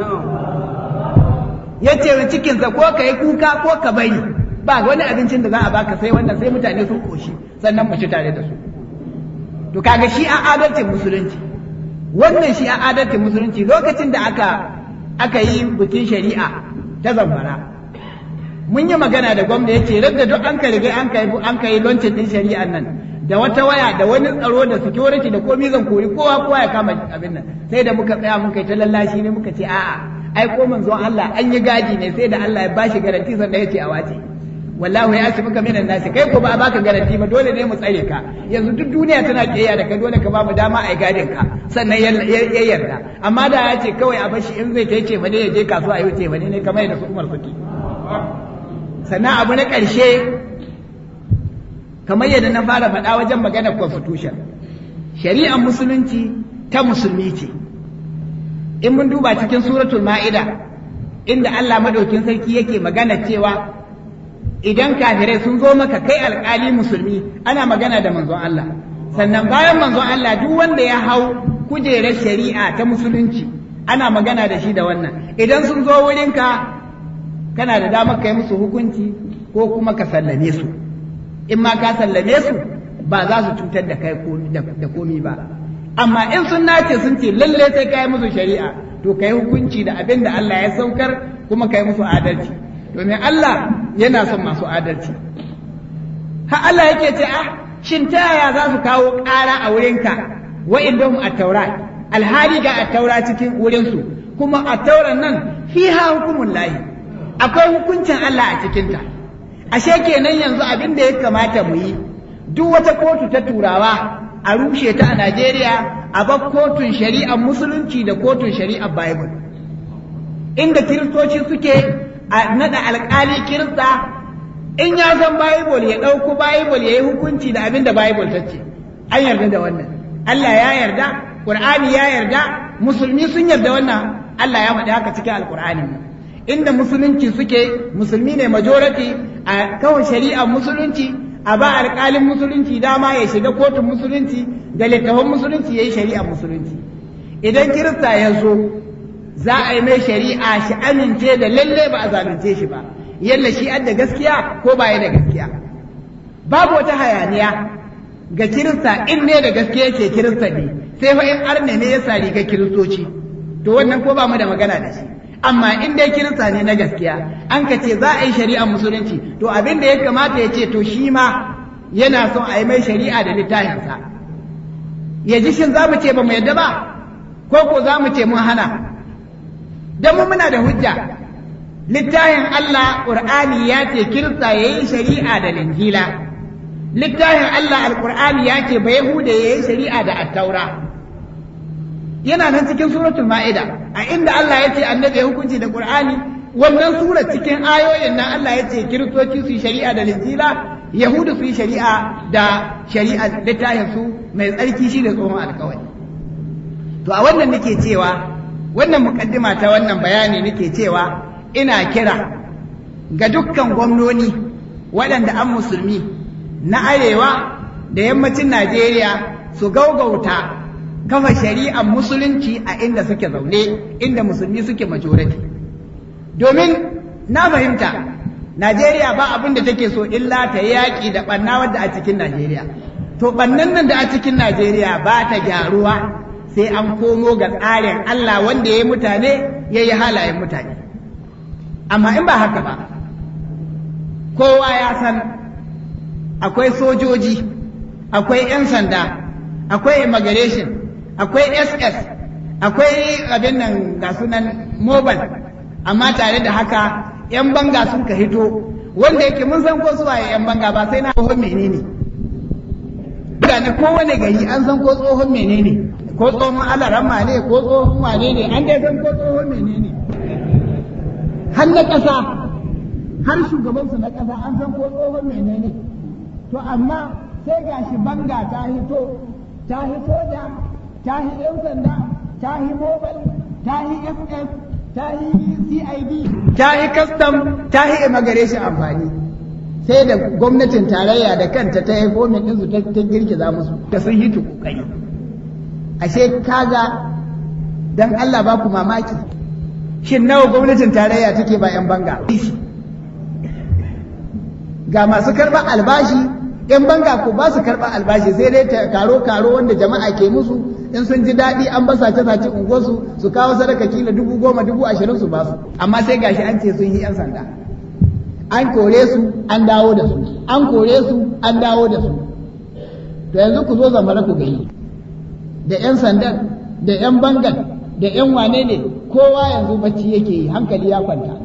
A: ya ce cikinsa ko ka yi kuka ko ka bari ba wani abincin da za a baka sai wannan sai mutane sun koshi sannan mu ci tare da su to kaga shi an adalcin musulunci wannan shi an adalcin musulunci lokacin da aka aka yi bikin shari'a ta zamfara mun yi magana da gwamna ya ce radda duk an ka an kai an kai lancin din shari'a nan da wata waya da wani tsaro da security da komai zan kori kowa kowa ya kama abin nan sai da muka tsaya muka yi ta lallashi ne muka ce a'a ai ko manzon Allah an yi gadi ne sai da Allah ya bashi garanti sannan ya ce a wace wallahu ya asibu ka minan nasi kai ko ba baka garanti ba dole ne mu tsare ka yanzu duk duniya tana kiyaya da kai dole ka ba mu dama a gadin ka sannan ya yarda amma da ya ce kawai a bashi in zai kai ce bane ya je kasuwa ya wuce bane ne kamar da su Umar suke sannan abu na karshe kamar yadda na fara faɗa wajen maganar constitution shari'ar musulunci ta musulmi ce in mun duba cikin suratul ma'ida inda Allah madaukin sarki yake magana cewa idan kafirai sun zo maka kai alƙali musulmi ana magana da manzon Allah sannan bayan manzon Allah duk wanda ya hau kujerar shari'a ta musulunci ana magana da shi da wannan idan sun zo wurinka kana da damar kai musu hukunci ko kuma ka sallame su in ma ka sallame su ba za su cutar da kai da komi ba amma in sun nace sun ce lalle sai kai musu shari'a to kai hukunci da abin da Allah ya saukar kuma kai musu adalci domin Allah yana son masu adalci ha Allah yake ce ah shin ta yaya za su kawo ƙara a wurinka wa'indahum a taura alhali ga a taura cikin wurinsu kuma a tauran nan fi ha hukumun layi? akwai hukuncin Allah a cikinta ashe kenan yanzu abin da ya kamata mu yi duk wata kotu ta turawa a rushe ta a Najeriya a bar kotun shari'ar musulunci da kotun shari'ar Bible inda kiristoci suke Naɗa nada alƙali kirista in ya san bible ya ɗauko bible ya yi hukunci da abinda da bible ta ce an yarda da wannan Allah ya yarda Qur'ani ya yarda musulmi sun yarda wannan Allah ya faɗi haka cikin alƙur'ani inda musulunci suke musulmi ne majority a kawai shari'a musulunci a ba alƙalin musulunci dama ya shiga kotun musulunci da littafin musulunci ya yi shari'ar musulunci idan kirista ya zo za a yi mai shari'a shi amince da lalle ba a zalunce shi ba yalla shi da gaskiya ko ba da gaskiya babu wata hayaniya ga kirista in ne da gaskiya ke kirista ne sai fa in arne ne ya sa ga kiristoci to wannan ko ba mu da magana da shi amma in dai kirista ne na gaskiya an ka ce za a yi shari'a musulunci to abin da ya kamata ya ce to shi ma yana son a yi mai shari'a da littafinsa ya ji shin za mu ce ba mu yadda ba ko ko za mu ce mun hana don mu muna da hujja littafin Allah ƙur'ani ya ce kirista ya yi shari'a da linjila littafin Allah alƙur'ani ya ce ba yahuda ya yi shari'a da attaura yana nan cikin suratul ma'ida a inda Allah ya ce annabi ya hukunci da ƙur'ani wannan sura cikin ayoyin nan Allah ya ce kiristoci su shari'a da linjila yahudu su yi shari'a da shari'a littafin su mai tsarki shi da tsohon alƙawari to a wannan nake cewa wannan mukaddima ta wannan bayani nake cewa ina kira ga dukkan gwamnoni waɗanda an musulmi na arewa da yammacin najeriya su gaugauta kafa shari'ar musulunci a inda suke zaune inda musulmi suke majority domin na fahimta najeriya ba abin da take so illa ta yaƙi da ɓanna wadda a cikin najeriya to ɓannan nan da a cikin najeriya ba ta gyaruwa sai an komo ga tsarin Allah wanda ya yi mutane ya yi halayen mutane amma in ba haka ba kowa ya san akwai sojoji akwai 'yan sanda akwai immigration akwai ss akwai abin nan ga sunan mobile amma tare da haka 'yan banga sun ka hito wanda yake mun san ko suwaye 'yan banga ba sai na tsohon menene da kowane gari an san ko tsohon menene ko tsohon alaran ne ko tsohon wane ne an dai san ko tsohon ne. har na ƙasa har shugabansu na ƙasa an san ko tsohon ne. to amma sai ga shi banga ta hito ta hi soja ta hi ɗan sanda ta hi mobal ta hi ff ta hi cid ta hi custom ta hi immigration amfani sai da gwamnatin tarayya da kanta ta haifo min ɗinsu ta girgiza musu da sun yi tukukai ashe kaga dan Allah ba ku mamaki shin nawa gwamnatin tarayya take ba 'yan banga ga masu karɓar albashi 'yan banga ku ba su karɓar albashi sai dai karo karo wanda jama'a ke musu in sun ji daɗi an ba sace sace unguwarsu su kawo sadaka kila dubu goma dubu ashirin su ba su amma sai gashi an ce sun yi 'yan sanda an kore su an dawo da su an kore su an dawo da su to yanzu ku zo zamara ku gani da 'yan sandan da 'yan bangan da 'yan wane ne kowa yanzu bacci yake yi hankali ya kwanta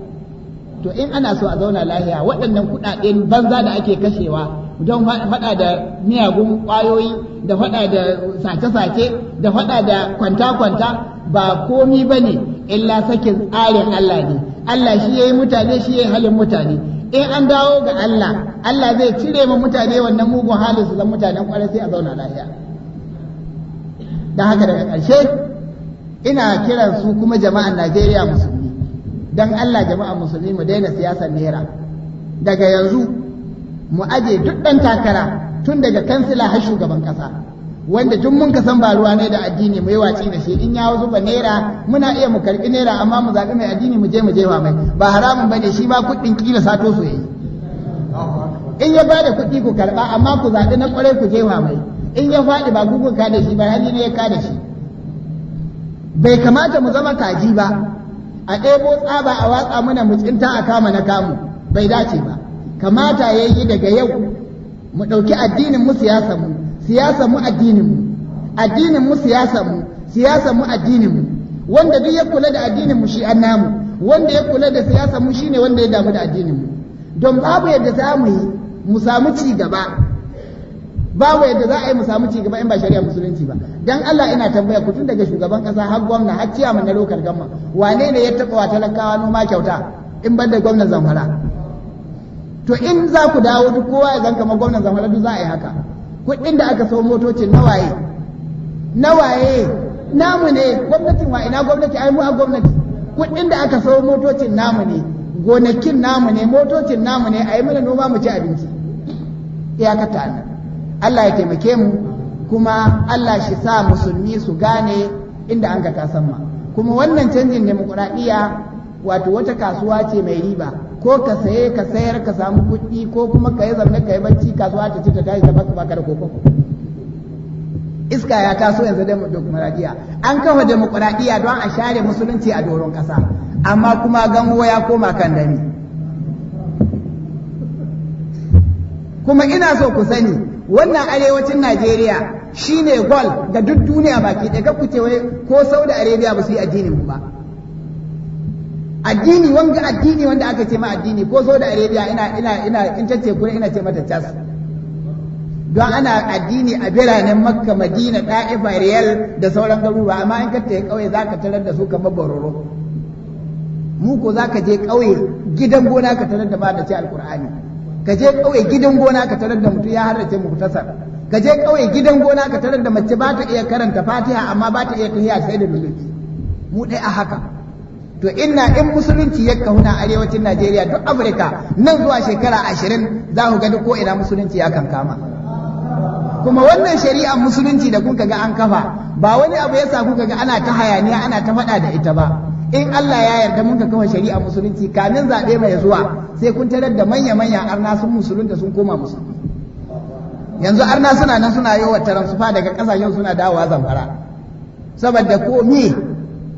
A: to in ana so a zauna lahiya waɗannan kuɗaɗen banza da ake kashewa don faɗa da miyagun ƙwayoyi da faɗa da sace-sace da faɗa da kwanta-kwanta ba komi ba ne illa sakin tsarin Allah ne Allah shi ya yi mutane shi ya yi halin mutane in an dawo ga Allah Allah zai cire ma mutane wannan mugun halin su zan mutanen kwarai sai a zauna lahiya. Da haka daga ƙarshe ina kiran su kuma jama'an najeriya musulmi don allah jama'an musulmi mu daina siyasar naira daga yanzu mu aje duk ɗan takara tun daga kansila har shugaban ƙasa wanda tun mun san ba ruwa ne da addini mu yi watsi da shi in ya zuba naira muna iya mu karɓi naira amma mu zaɓi mai addini mu je mu je wa mai ba haramun bane shi ma kuɗin kila sato su yayi in ya bada kuɗi ku karɓa amma ku zaɓi na ƙwarai ku je wa mai in ya faɗi ba gugun ka da shi ba hali ne ya ka da shi bai kamata mu zama kaji ba a ɗebo tsaba a watsa mana mu tsinta a kama na kamu bai dace ba kamata ya yi daga yau mu ɗauki addinin mu siyasa mu siyasa mu addinin mu addinin mu siyasa mu siyasa mu addinin mu wanda duk ya kula da addinin mu shi an namu wanda ya kula da siyasa mu shine wanda ya damu da addinin mu don babu yadda za mu yi mu samu ci gaba babu yadda za a yi mu samu ci gaba in ba shari'a musulunci ba dan Allah ina tambaya ku tun daga shugaban kasa har gwamna har ciyaman na lokal gamma wane ne ya taba wa talakawa noma kyauta in ban da gwamnan zamfara to in za ku dawo duk kowa ya zan kamar gwamnan zamfara duk za a yi haka kuɗin da aka sau motocin nawaye nawaye namu ne gwamnatin wa ina gwamnati ai mu a gwamnati kuɗin da aka sau motocin namu ne gonakin namu ne motocin namu ne a yi mana noma mu ci abinci iyakar nan. Allah ya taimake mu kuma Allah shi sa musulmi su gane inda an ga sama. kuma wannan canjin demokuraɗiyya wato wata kasuwa ce mai riba ko ka saye ka sayar ka samu kuɗi ko kuma ka yi zamne ka yi bacci kasuwa ta ce ta tashi ta baka baka da koko iska ya taso yanzu demokuraɗiyya an kafa demokuraɗiyya don a share musulunci a doron ƙasa amma kuma gango ya koma kan dani kuma ina so ku sani wannan arewacin Najeriya shine gol ga duk duniya baki ɗaya ku ce wai ko Saudi Arabia ba su yi addinin ba addini wanga addini wanda aka ce ma addini ko Saudi Arabia ina ina ina in tace ina ce mata cas don ana addini a biranen Makka Madina Da'ifa Riyal da sauran garuruwa amma in ka tafi kauye zaka tarar da su kamar bororo mu ko zaka je kauye gidan gona ka tarar da ba da ce Alƙur'ani. ka je gidan gona ka tarar da mutum ya harrace muhtasar ka je kawai gidan gona ka tarar da mace ba ta iya karanta fatiha amma ba ta iya tahiya sai da lulubi mu dai a haka to inna in musulunci ya kauna arewacin najeriya duk afirka nan zuwa shekara ashirin za ku ga duk ko ina musulunci ya kan kuma wannan shari'ar musulunci da kun ga an kafa ba wani abu ya sa kuka ga ana ta hayaniya ana ta faɗa da ita ba in Allah ya yarda mun ka kawai shari'a musulunci kamin zaɓe mai zuwa sai kun tarar da manya-manya arna sun musulunta sun koma musulmi yanzu arna suna nan suna yi wa taransufa daga ƙasashen suna dawowa zamfara saboda me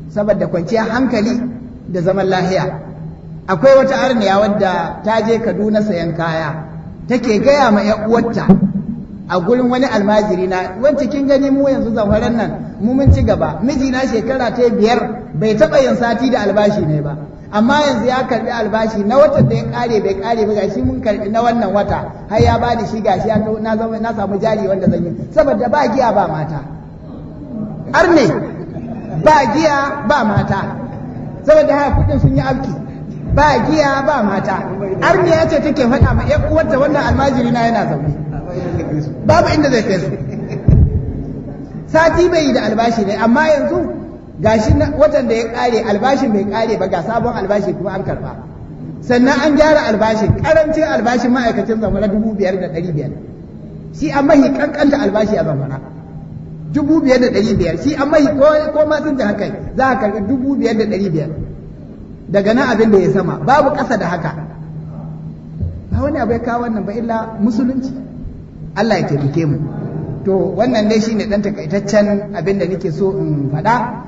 A: saboda kwanciyar hankali da zaman lahiya akwai wata arniya wadda ta je kaduna sayan kaya take gaya ma 'yan uwarta a gurin wani almajiri na wance kin gani mu yanzu zamfaran nan mu mun ci gaba mijina shekara ta biyar bai taɓa yin sati da albashi ne ba amma yanzu ya karbi albashi na watan da ya kare bai kare ba gashi mun karbi na wannan wata har ya bani shi gashi na zama na samu jari wanda zan yi saboda ba giya ba mata arne ba giya ba mata saboda haka kudin sun yi afki ba giya ba mata arne ya ce take faɗa ma ƴan uwarta wannan almajiri na yana zaune babu inda zai kai su sati bai yi da albashi ne amma yanzu gashi watan da ya kare albashin bai kare ba ga sabon albashi kuma an karba sannan an gyara albashin karancin albashin ma'aikacin zamfara dubu biyar da ɗari biyar shi an mahi kankanta albashi a zamfara dubu biyar da ɗari biyar shi an mahi ko ma sun da haka za a karɓi dubu biyar da ɗari biyar daga nan abin da ya sama babu ƙasa da haka ba wani abu ya kawo wannan ba illa musulunci Allah ya taimake mu to wannan shi shine dan takaitaccen abin da nake so in faɗa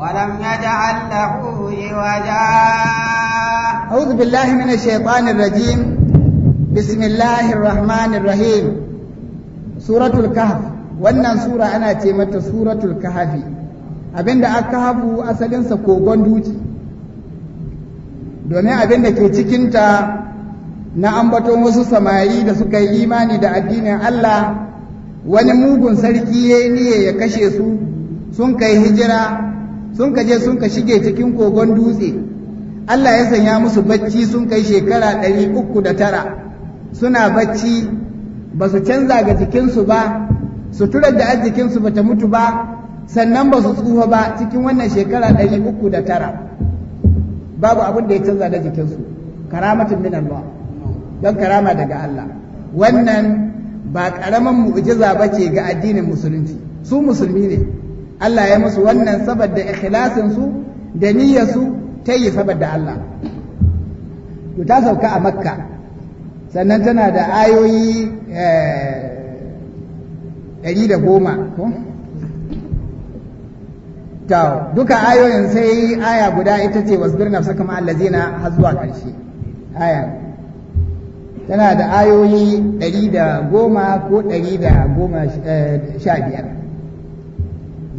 B: ولم يجعل له عوجا
A: أعوذ بالله من الشيطان الرجيم بسم الله الرحمن الرحيم سورة الكهف wannan sura ana ce mata suratul kahafi abinda aka hafu asalinsa kogon duki, domin abinda ke cikinta na ambaton wasu samari da suka yi imani da addinin Allah wani mugun sarki ya yi niyya ya kashe su sun kai hijira sun kaje je sun ka shige cikin kogon dutse Allah ya sanya musu bacci sun kai shekara ɗari uku da tara suna bacci ba su canza ga jikinsu ba suturar da arzikinsu ba ta mutu ba sannan ba su tsufa ba cikin wannan shekara ɗari uku da tara babu abin da ya canza da jikinsu karamatin min Allah don karama daga Allah wannan ba ƙaramin mu'jiza ba ce ga addinin musulunci su musulmi ne Allah ya musu wannan saboda ikhlasin su da niyyarsu su ta yi saboda Allah to ta sauka a makka sannan tana da ayoyi eh, ɗari da goma ko to duka ayoyin sai aya guda ita ce wasu birnin nafsaka Allah zina har zuwa ƙarshe aya tana da ayoyi ɗari da goma ko ɗari da goma eh, sha biyar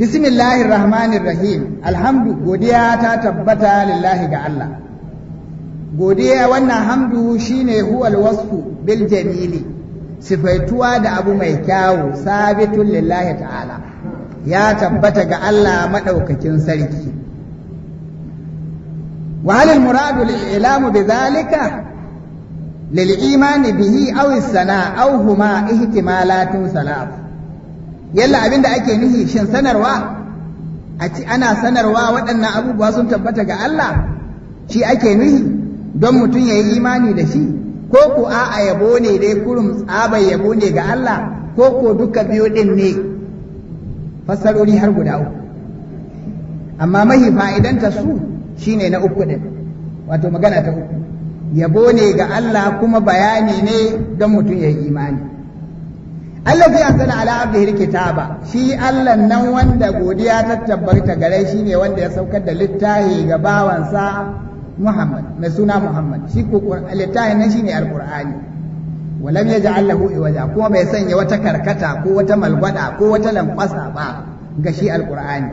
A: bismillahir rahmanir rahim alhamdu godiya ta tabbata lillahi ga Allah godiya wannan hamdu shine huwal wasfu bil jamili sifaituwa da abu mai kyawu sabitun lillahi ta'ala ya tabbata ga Allah maɗaukacin sarki Wahalil muradu lil ilamu bidhalika lil imani bihi aw sana aw huma ihtimalatun salaf yalla abinda ake nufi shin sanarwa a ci ana sanarwa waɗannan abubuwa sun tabbata ga Allah shi ake nufi don mutum ya yi imani da shi ko ku a yabo ne dai kurum tsabai yabo ne ga Allah ko ko duka biyu ɗin ne fassarori har guda uku amma mahi fa'idanta su shine na uku ɗin wato magana ta uku yabo ne ga Allah kuma bayani ne don mutum ya yi imani allazi anzala ala abdihi kitaba shi Allah nan wanda godiya ta tabbata gare shi ne wanda ya saukar da littafi ga bawansa Muhammad mai suna Muhammad shi ko littafi nan shine alqur'ani walam yaj'al lahu iwaja kuma bai sanya wata karkata ko wata malgwada ko wata lankwasa ba ga shi alqur'ani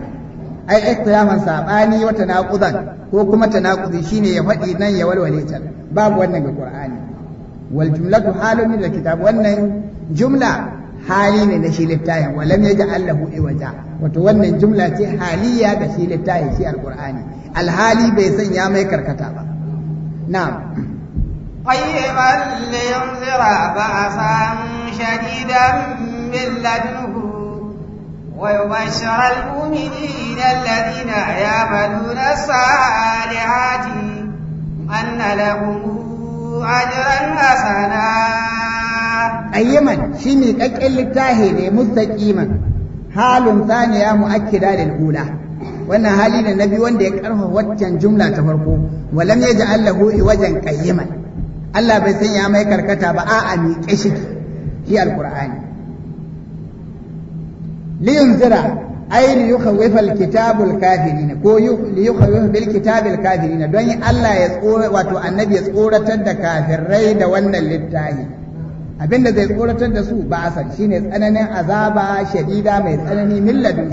A: ai ikhtilafan sabani wata naqudan ko kuma tanaquzi shine ya faɗi nan ya walwale can babu wannan ga qur'ani wal jumlatu halun min alkitab wannan jumla hali ne na shi littafin walam ya ja'allahu iwaja wato wannan jumla ce haliya ga shi littafin shi alqur'ani alhali bai sanya mai karkata ba na'am
B: qayyiban li yunzira ba'san shadidan min ladunhu ويبشر المؤمنين الذين يعملون الصالحات
A: أن لهم أجرا حسنا qayyiman shi ne kakkin littahi ne mustaƙiman halun saniya muakkida da lula wannan hali na nabi wanda ya karfa waccan jumla ta farko walam yaj'al lahu iwajan qayyiman Allah bai sanya mai karkata ba a'a miƙe shi shi alqur'ani liyunzira ay li yukhawifa alkitabu alkafirin ko li bil kitabi alkafirin don Allah ya tsora wato annabi ya tsoratar da kafirai da wannan littafi abin da zai tsoratar da su ba a shi ne tsananin azaba shadida mai tsanani mil-ladun.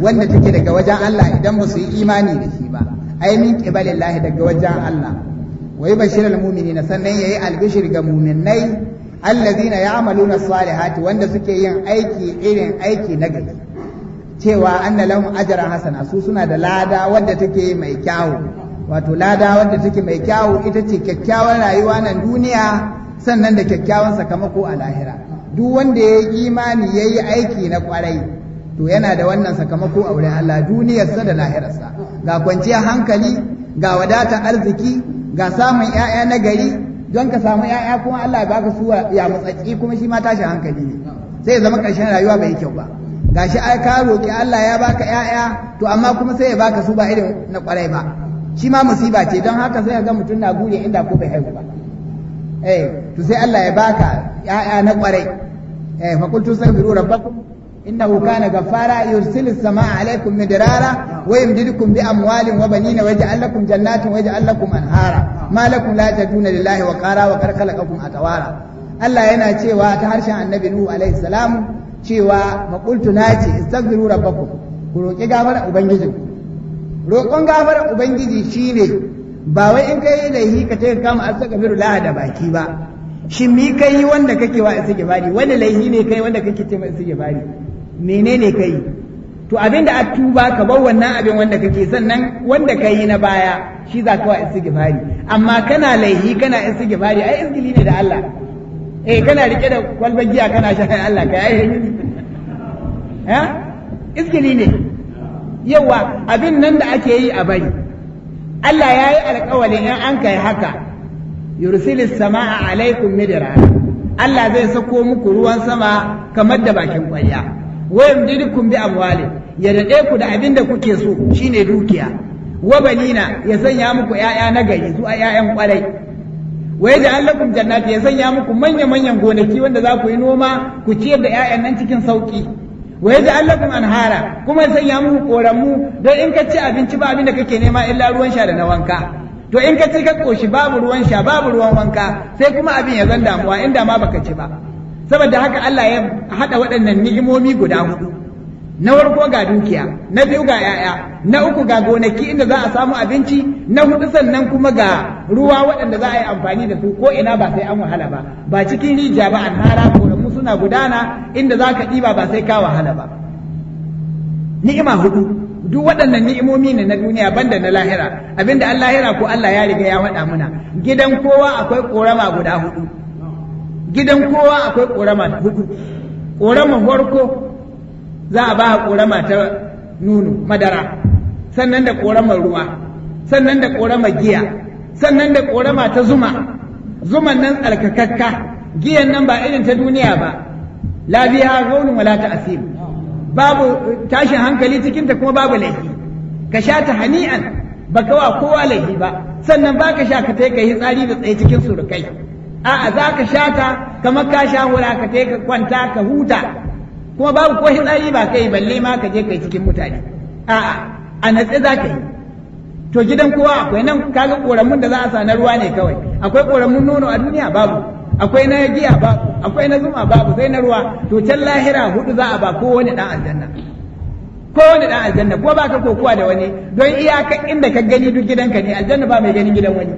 A: wanda take daga wajen Allah idan ba su yi imani da shi ba ai min qibalillahi daga wajen Allah wa yubashirul na sannan yayi albishir ga mu'minnai allazina ya'maluna salihati wanda suke yin aiki irin aiki na gari cewa anna lahum ajran hasana su suna da lada wanda take mai kyawu wato lada wanda take mai kyawu ita ce kyakkyawar rayuwa nan duniya sannan da kyakkyawan sakamako a lahira duk wanda ya yi imani ya yi aiki na kwarai to yana da wannan sakamako a wurin Allah duniyarsa da lahirarsa ga kwanciyar hankali ga wadata arziki ga samun 'ya'ya na gari don ka samu 'ya'ya kuma Allah ya baka su ya matsatsi kuma shi ma tashi hankali ne sai ya zama ƙarshen rayuwa bai kyau ba shi ai ka roƙi Allah ya baka 'ya'ya to amma kuma sai ya baka su ba irin na kwarai ba shi ma musiba ce don haka sai ya ga mutum na gure inda ko bai haihu ba eh to sai Allah ya baka ya'ya na kwarai eh fa qultu sabiru rabbakum innahu kana ghaffara yursilu samaa alaykum midrara wa yumdidukum bi amwalin wa banina wa yaj'al lakum jannatin wa yaj'al lakum anhara ma lakum la tajuna lillahi wa qara wa qad khalaqakum atawara Allah yana cewa ta harshen Annabi Nuhu alaihi salam cewa fa qultu nace istaghfiru rabbakum ku roki gafara ubangiji. roƙon gafara ubangiji shine ba wai in kai laihi ka ce kama laha da baki ba shin mi kai wanda kake wa isa gibari wani laihi ne kai wanda kake ce isa istighfari menene kai to abin da a tuba ka bar wannan abin wanda kake sannan wanda ka yi na baya shi za ka wa gibari amma kana laihi kana isa gibari ai izgili ne da Allah eh kana rike da kwalbar giya kana sha Allah kai ai ha izgili ne yawa abin nan da ake yi a bari Allah ya yi alkawalin in an kai haka yursilis sama'a alaikum midra Allah zai sako muku ruwan sama kamar da bakin kwarya wa yamdidukum bi amwali ya dade ku da abin da kuke so shine dukiya wa banina ya sanya muku yaya na gari zuwa yayan kwarai wa yaj'al lakum jannati ya sanya muku manya manyan gonaki wanda za ku yi noma ku ciyar da yayan nan cikin sauƙi? wa yaj'al lakum anhara kuma ya sanya muku koramu don in ka ci abinci ba abin da kake nema illa ruwan sha da na wanka to in ka ci ka koshi babu ruwan sha babu ruwan wanka sai kuma abin ya zan damuwa inda ma baka ci ba saboda haka Allah ya hada waɗannan ni'imomi guda hudu na farko ga dukiya na biyu ga 'ya'ya na uku ga gonaki inda za a samu abinci na hudu sannan kuma ga ruwa waɗanda za a yi amfani da su ko ina ba sai an wahala ba ba cikin rijiya ba an hara suna gudana inda za ka ɗiba ba sai ka wahala ba ni'ima hudu duk waɗannan ni'imomi ne na duniya banda na lahira abinda an lahira ko Allah ya riga ya waɗa muna gidan kowa akwai ƙorama guda hudu gidan kowa akwai ƙorama hudu ƙorama farko za a ba ƙorama ta nono madara sannan da ƙoramar ruwa sannan da ƙoramar giya sannan da ƙorama ta zuma zuman nan tsarkakakka giyan nan ba irin ta duniya ba la biha gaulun wala asim babu tashin hankali cikin ta kuma babu laifi ka sha ta hani'an ba kawa kowa laifi ba sannan ba ka sha ka ta kai yi tsari da tsaye cikin surukai a'a za ka sha ta kamar ka sha hura ka ta ka kwanta ka huta kuma babu ko hitsari ba kai balle ma ka je kai cikin mutane a'a a natse za ka yi to gidan kowa akwai nan kaga koramun da za a sa na ruwa ne kawai akwai koramun nono a duniya babu akwai na giya babu akwai na zuma babu sai na ruwa to can lahira hudu za a ba kowane dan aljanna kowane dan aljanna ko baka kokuwa da wani don iyaka inda ka gani duk gidanka ne aljanna ba mai ganin gidan wani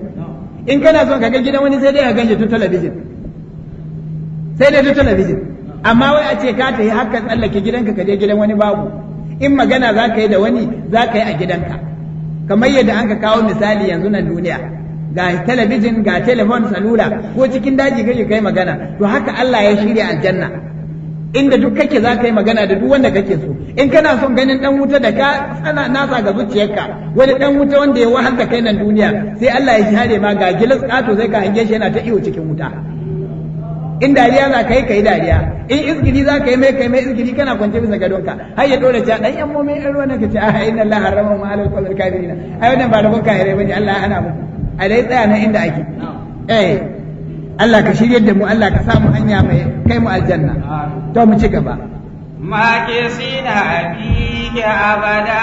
A: in kana son ka ga gidan wani sai dai ka ganje ta talabijin sai dai ta talabijin amma wai a ce ka tafi hakkan tsallake gidanka ka je gidan wani babu in magana za ka yi da wani za ka yi a gidanka kamar yadda an ka kawo misali yanzu nan duniya ga talabijin ga telefon salula ko cikin daji kake kai magana to haka Allah ya shirya aljanna inda duk kake za ka yi magana da duk wanda kake so in kana son ganin dan wuta da ka tsana nasa ga zuciyarka wani dan wuta wanda ya wahalta kai nan duniya sai Allah ya share ma ga gilas kato sai ka hange shi yana ta iyo cikin wuta in dariya za ka yi ka yi dariya in izgiri za ka yi mai kai mai izgiri kana kwance bisa gadonka har ya dole ta dan yan momin yan ruwan ka ce a inna Allah harrama ma alal qawmil kafirin ai wannan ba da kuka yare bane Allah ya hana mu a dai tsaya nan inda ake eh Allah ka shirye da mu Allah ka samu hanya mai kai mu aljanna to mu ci gaba
B: ma ke sina ya abada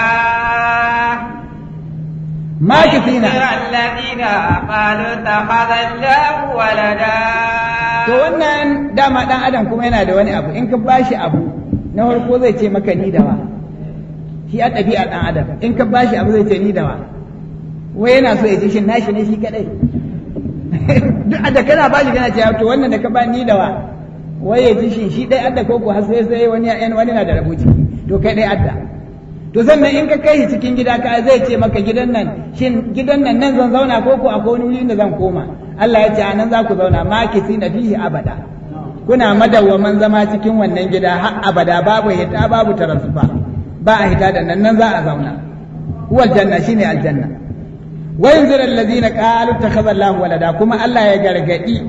B: ما كثينا الذين قالوا اتخذ الله ولدا
A: to wannan dama dan adam kuma yana da wani abu in ka bashi abu na farko zai ce maka ni dawa shi a ɗabi'a dan adam in ka bashi abu zai ce ni dawa wai yana so ya ji shi nashi ne shi kadai duk da kana bashi kana ce to wannan da ka ba ni dawa wai ya ji shi shi dai adda ko ko har sai sai wani yan wani na da rabuci to kai dai adda to sannan in ka kai cikin gida ka zai ce maka gidan nan shin gidan nan nan zan zauna ko ko akwai wani wuri da zan koma Allah ya ce a nan za ku zauna makisi na fihi abada kuna madawwaman zama cikin wannan gida har abada babu hita babu taransufa ba a hita da nan nan za a zauna huwal janna shine aljanna wa yanzur allazina qalu takhadha Allahu walada kuma Allah ya gargadi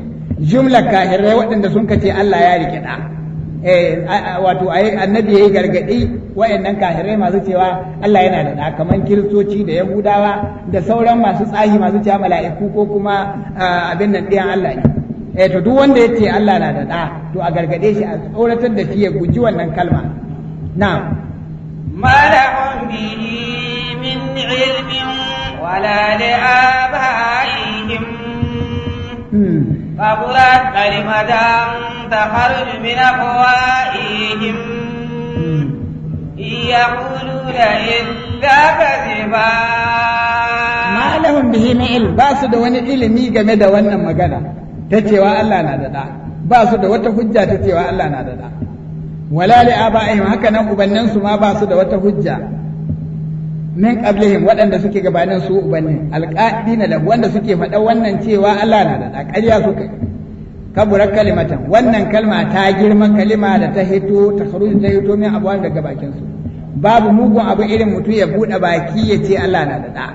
A: jumlar kahirai waɗanda sun kace Allah ya rike da Eh, wato annabi ya yi gargaɗi kafirai kahirai masu cewa Allah yana da kaman kamar kiristoci da yahudawa da sauran masu tsahi masu cewa mala'iku ko kuma abin nan ɗiyan Allah ne eh to duk wanda ya ce Allah na da da, to a gargade shi a tsoratar da shi ya guji wannan kalma na'am
B: mala'un bi min ilmin wala li فبرت كلمة تخرج من أفواههم إن يقولون إلا كذبا
A: Malamin bihi به il ba su da wani ilimi game da wannan magana ta cewa Allah na da ba su da wata hujja ta cewa Allah na da ɗa wala li aba'ihim haka nan ubannansu ma ba su da wata hujja min qablihim waɗanda suke gabanin su ubanni alqadina da wanda suke faɗa wannan cewa Allah na da ƙarya suka kabura kalimatan wannan kalma ta girma kalima da ta hito ta kharuji ta hito min abuwan daga bakin su babu mugun abu irin mutum ya buɗe baki ya ce Allah na da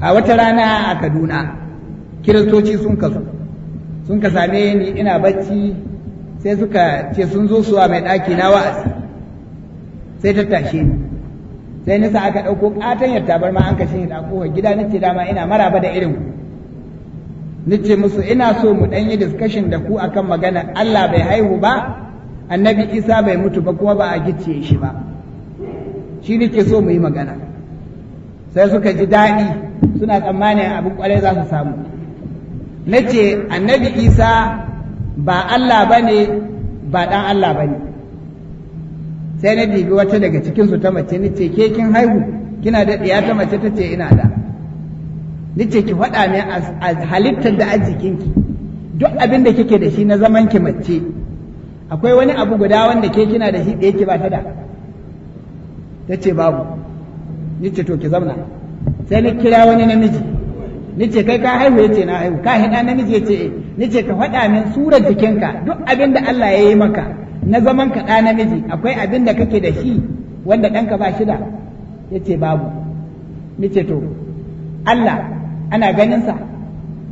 A: a wata rana a Kaduna kiristoci sun kasu sun ka same ni ina bacci sai suka ce sun zo suwa mai ɗaki na wa'azi sai ta tashe ni sai nisa aka ɗauko ƙaton yadda bar ma an kashe ni da gida nace dama ina maraba da irin nace musu ina so mu ɗan yi discussion da ku akan magana Allah bai haihu ba annabi Isa bai mutu ba kuma ba a gicciye shi ba shi nake so mu yi magana sai suka ji daɗi suna tsammanin abin ƙwarai za su samu nace annabi Isa ba Allah ba ne ba ɗan Allah bane sai na dibi wata daga cikinsu ta mace ni ce ke kin haihu kina da ɗiya ta mace ta ce ina da ni ce ki faɗa min a halittar da a jikinki duk abin da kike da shi na zaman ki mace akwai wani abu guda wanda ke kina da shi ɗaya ke ba ta da ta ce babu ni ce to ki zauna sai ni kira wani namiji ni ce kai ka haihu ya ce na haihu ka haɗa namiji ya ce eh. ni ce ka faɗa min surar jikinka duk abin da Allah ya yi maka na zaman ka ɗana namiji akwai abin da kake da shi wanda ɗanka ba shi da ya ce babu ce to Allah ana ganinsa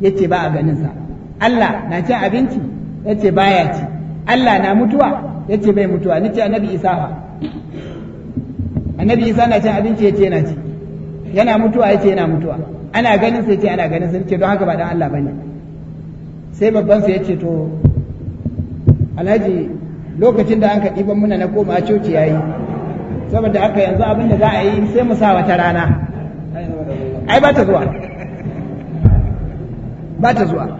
A: ya ce ba a ganinsa Allah na cin abinci ya ce ba ya ci Allah na mutuwa ya ce bai mutuwa ni ce annabi isa fa annabi isa na cin abinci ya ce yana ci yana mutuwa ya ce yana mutuwa ana ganin Ya ce ana ganin sai ce don haka ba dan Allah bane sai babban sa ya ce to alhaji lokacin da an ka ɗiban muna na koma coci ya yi saboda haka yanzu abin da za a yi sai mu sa wata rana ai ba ta zuwa ba ta zuwa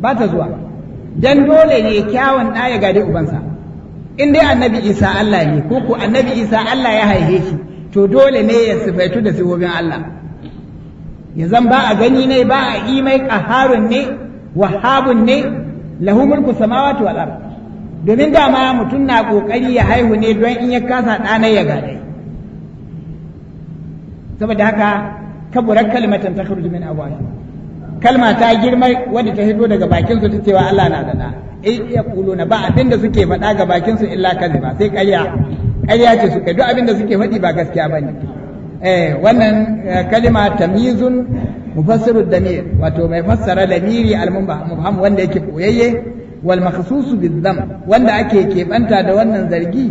A: ba ta zuwa dan dole ne kyawun ɗa ya gade ubansa in dai annabi isa Allah ne ko ku annabi isa Allah ya haife shi to dole ne ya sifaitu da sifofin Allah ya zan ba a gani ne ba a imai ƙaharun ne wahabun ne lahumin ku samawati wal ɗara. domin dama mutum na ƙoƙari ya haihu ne don in ya kasa ɗana ya gadai saboda haka kaburar kalmatan ta kharuju min awali kalma ta girma wadda ta hito daga bakin su ta cewa Allah na da da in iya kulo na ba abin da suke faɗa ga bakin su illa kalma sai ƙarya ƙarya ce suka duk abin da suke faɗi ba gaskiya bane eh wannan eh, kalma tamizun mufassiru damir wato mai fassara lamiri al-mubham wanda yake koyayye wal makhsusu bizzam wanda ake kebanta da wannan zargi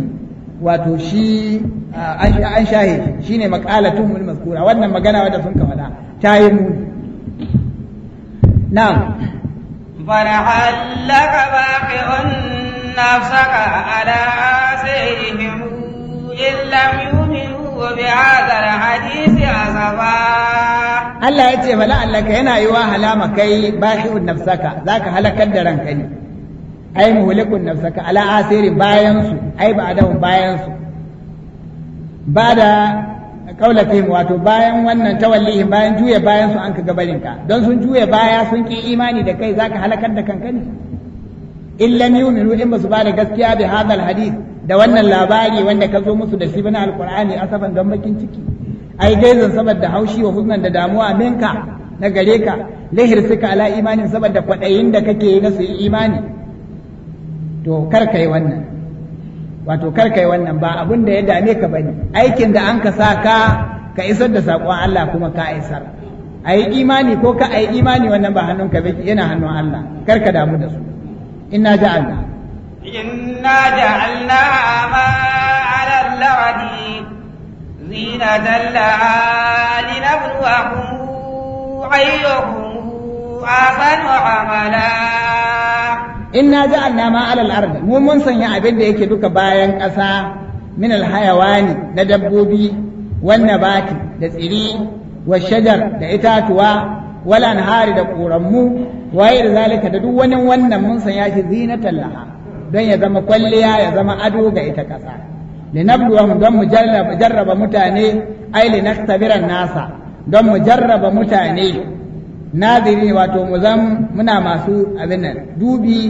A: wato shi an shahe shine maqalatun mul mazkura wannan magana wadda sun ka ta yi
B: باقع نفسك على آثارهم إن لم يؤمنوا بهذا الحديث أسفا
A: Allah ya ce mala'allaka yana yi wahala halama kai bashi nafsaka za ka halakar da ranka ai muhlikun nafsaka ala asirin bayan su ai ba adahun bayan su ba da wato bayan wannan tawallihin bayan juya bayan su an ka gabarin ka don sun juya baya sun ki imani da kai zaka halakar da kanka ne in lam yu'minu in ba su ba da gaskiya bi hadal hadith da wannan labari wanda ka zo musu da shi bana alqur'ani asaban don bakin ciki ai gaizan saboda haushi wa huznan da damuwa minka na gare ka lahir suka ala imanin saboda kwaɗayin da kake yi na su imani to kar ka yi wannan wato kar ka yi wannan ba abin da ya dame ka bane aikin da an ka sa ka ka isar da saƙon Allah kuma ka isar a yi imani ko ka a yi imani wannan ba hannun ka baki yana hannun Allah kar ka damu da su inna ja'alna
B: inna ja'alna ma 'ala al-ardi
A: zinatan
B: laha linabluwahum ayyuhum ahsanu amala
A: inna ja'alna ma alal ard mu mun sanya abin da yake duka bayan ƙasa min al hayawani na dabbobi wan nabati da tsiri wa shajar da itatuwa wal anhari da ƙoranmu Waye da zalika da duk wani wannan mun sanya shi zinatan laha don ya zama kwalliya ya zama ado ga ita ƙasa linabluwahum don mu jarraba mutane ai linaktabiran nasa don mu jarraba mutane naziri wato mu zan muna masu abin nan dubi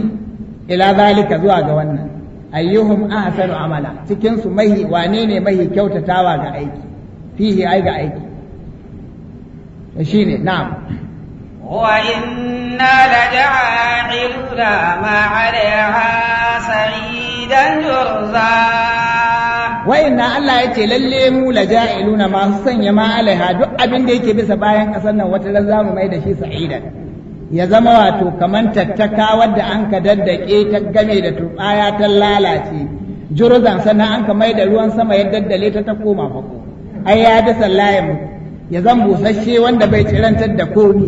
A: ila zalika zuwa ga wannan ayyuhum ahsanu amala cikin su mahi wane ne mahi kyautatawa ga aiki fihi ai ga aiki to shine na'am
B: wa inna la ja'iluna ma 'alayha sa'idan
A: jurza wa'inna Allah ya ce lalle mu la ja'iluna masu sanya ma alaiha duk abin da yake bisa bayan kasar nan wata ran zamu mai da shi sa'idan ya zama wato kaman tattaka wadda an ka daddake ta game da turbaya ta lalace juruzan sannan an ka mai da ruwan sama ya daddale ta ta koma fako ai ya sallaye mu ya zan busasshe wanda bai tsirantar da komi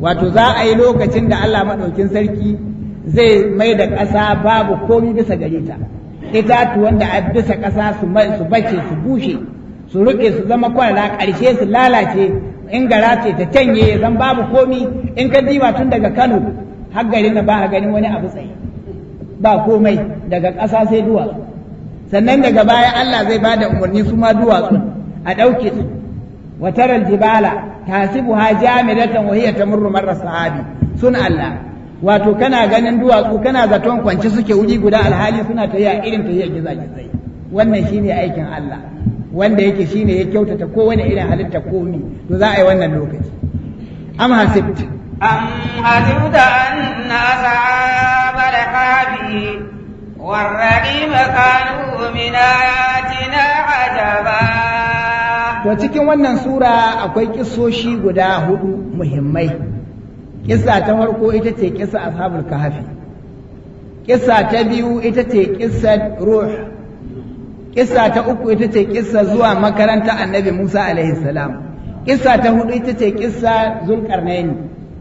A: wato za a yi lokacin da Allah madaukin sarki zai mai da ƙasa babu komi bisa gare ta itatu wanda a bisa ƙasa su bace su bushe su ruke su zama kwarara ƙarshe su lalace in gara ce ta canye zan babu komi in ka diba tun daga kano har garin ba ganin wani abu tsaye ba komai daga ƙasa sai duwa sannan daga baya allah zai ba da umarni su ma duwatsu a ɗauke su wataral jibala tasibuha jamidatan wa wahiyar ta murrumar sahabi sun allah wato kana ganin duwatsu kana zaton kwance suke wuri guda alhali suna a irin tafiya gizagizai wannan shine aikin Allah wanda yake shine ya kyautata kowane irin halitta komi to za a yi wannan lokaci am hasibt
B: am hasibta anna ashab al-habi كانوا من آياتنا عجبا
A: وتكن wannan sura akwai kissoshi guda hudu muhimmai kissa ta farko ita ce kissa ashabul kahfi kissa ta biyu ita ce kissa ruh kissa ta uku ita ce kissa zuwa makaranta annabi Musa alaihi salam kissa ta hudu ita ce kissa zulkarnaini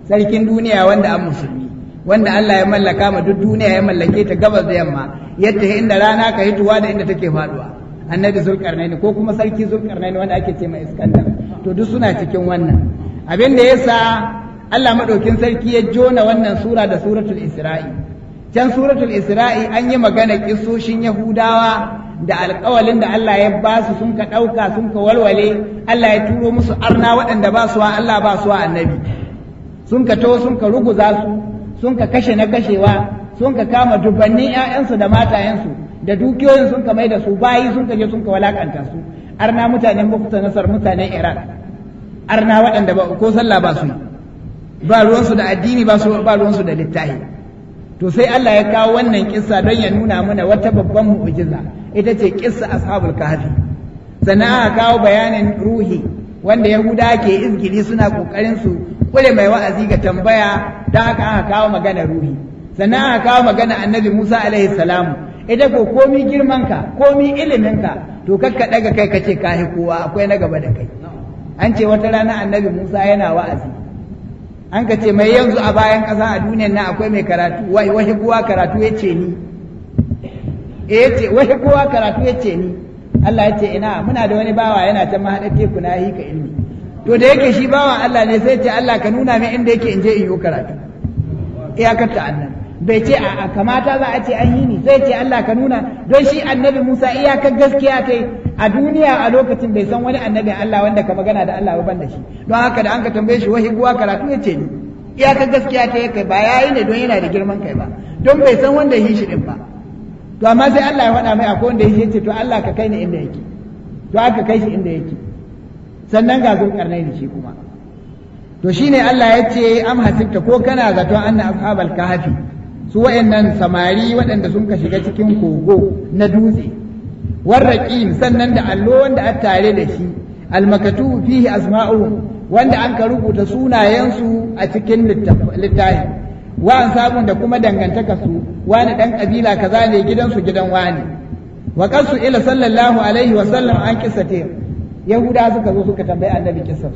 A: sarkin duniya wanda an musulmi wanda Allah ya mallaka ma duk duniya ya mallake ta gabas da yamma yadda inda rana ka hituwa da inda take faduwa annabi zulkarnaini ko kuma sarki zulkarnaini wanda ake ce mai iskandar to duk suna cikin wannan abin da yasa Allah madaukin sarki ya jona wannan sura da suratul Isra'i can suratul Isra'i an yi magana kisoshin Yahudawa da alƙawalin da Allah ya ba su sun ka ɗauka sun ka walwale Allah ya turo musu arna waɗanda ba su Allah ba su annabi sun ka to sun ka ruguza su sun ka kashe na kashewa sun ka kama dubannin ƴaƴansu da matayensu da dukiyoyin sun ka mai da su bayi sun ka je sun ka walakanta su arna mutanen Nasar mutanen Iraq arna waɗanda ba ko sallah ba su ba ruwansu da addini ba su ba ruwansu da littahi to sai Allah ya kawo wannan kissa don ya nuna mana wata babban mu'jiza ita ce kissa ashabul kahfi sannan aka kawo bayanin ruhi wanda yahuda ke izgili suna kokarin su kure mai wa'azi ga tambaya da aka aka kawo magana ruhi sannan aka kawo magana annabi Musa alaihi salam ita ko komi girmanka komi iliminka to kakka daga kai kace kahi kowa akwai na gaba da kai an ce wata rana annabi Musa yana wa'azi an ka ce mai yanzu a bayan ƙasa a duniyar nan akwai mai karatu wai wahi kowa karatu ya ce ni eh, ce wahi kowa karatu ya ce ni Allah ya ce ina muna da wani bawa yana ta mahaɗa teku na yi ka ilmi to da yake shi bawa Allah ne sai ce Allah ka nuna min inda yake in je in yi karatu iyakar ta annan bai ce a kamata za a ce an yi ni zai ce Allah ka nuna don shi annabi Musa iyakar gaskiya kai a duniya a lokacin bai san wani annabi Allah wanda ka magana da Allah ba da shi don haka da an ka tambaye shi wahi guwa karatu ya ce ni iyakar gaskiya ta kai ba yayi ne don yana da girman kai ba don bai san wanda yi shi din ba to amma sai Allah ya faɗa mai akwai wanda ya ce to Allah ka kai ni inda yake to aka kai shi inda yake sannan ga zo karnai da shi kuma to shine Allah ya ce am hasibta ko kana zato anna ashabal kahfi su wayannan samari waɗanda sun ka shiga cikin kogo na dutse warraƙin sannan da allo wanda a tare da shi almakatu fihi asma'u wanda an ka rubuta sunayensu a cikin littafi wa an samun da kuma dangantaka su wani ɗan ƙabila kaza ne gidansu gidan wani wa qasu ila sallallahu alaihi wa sallam an kissate yahuda suka zo suka tambayi annabi kissar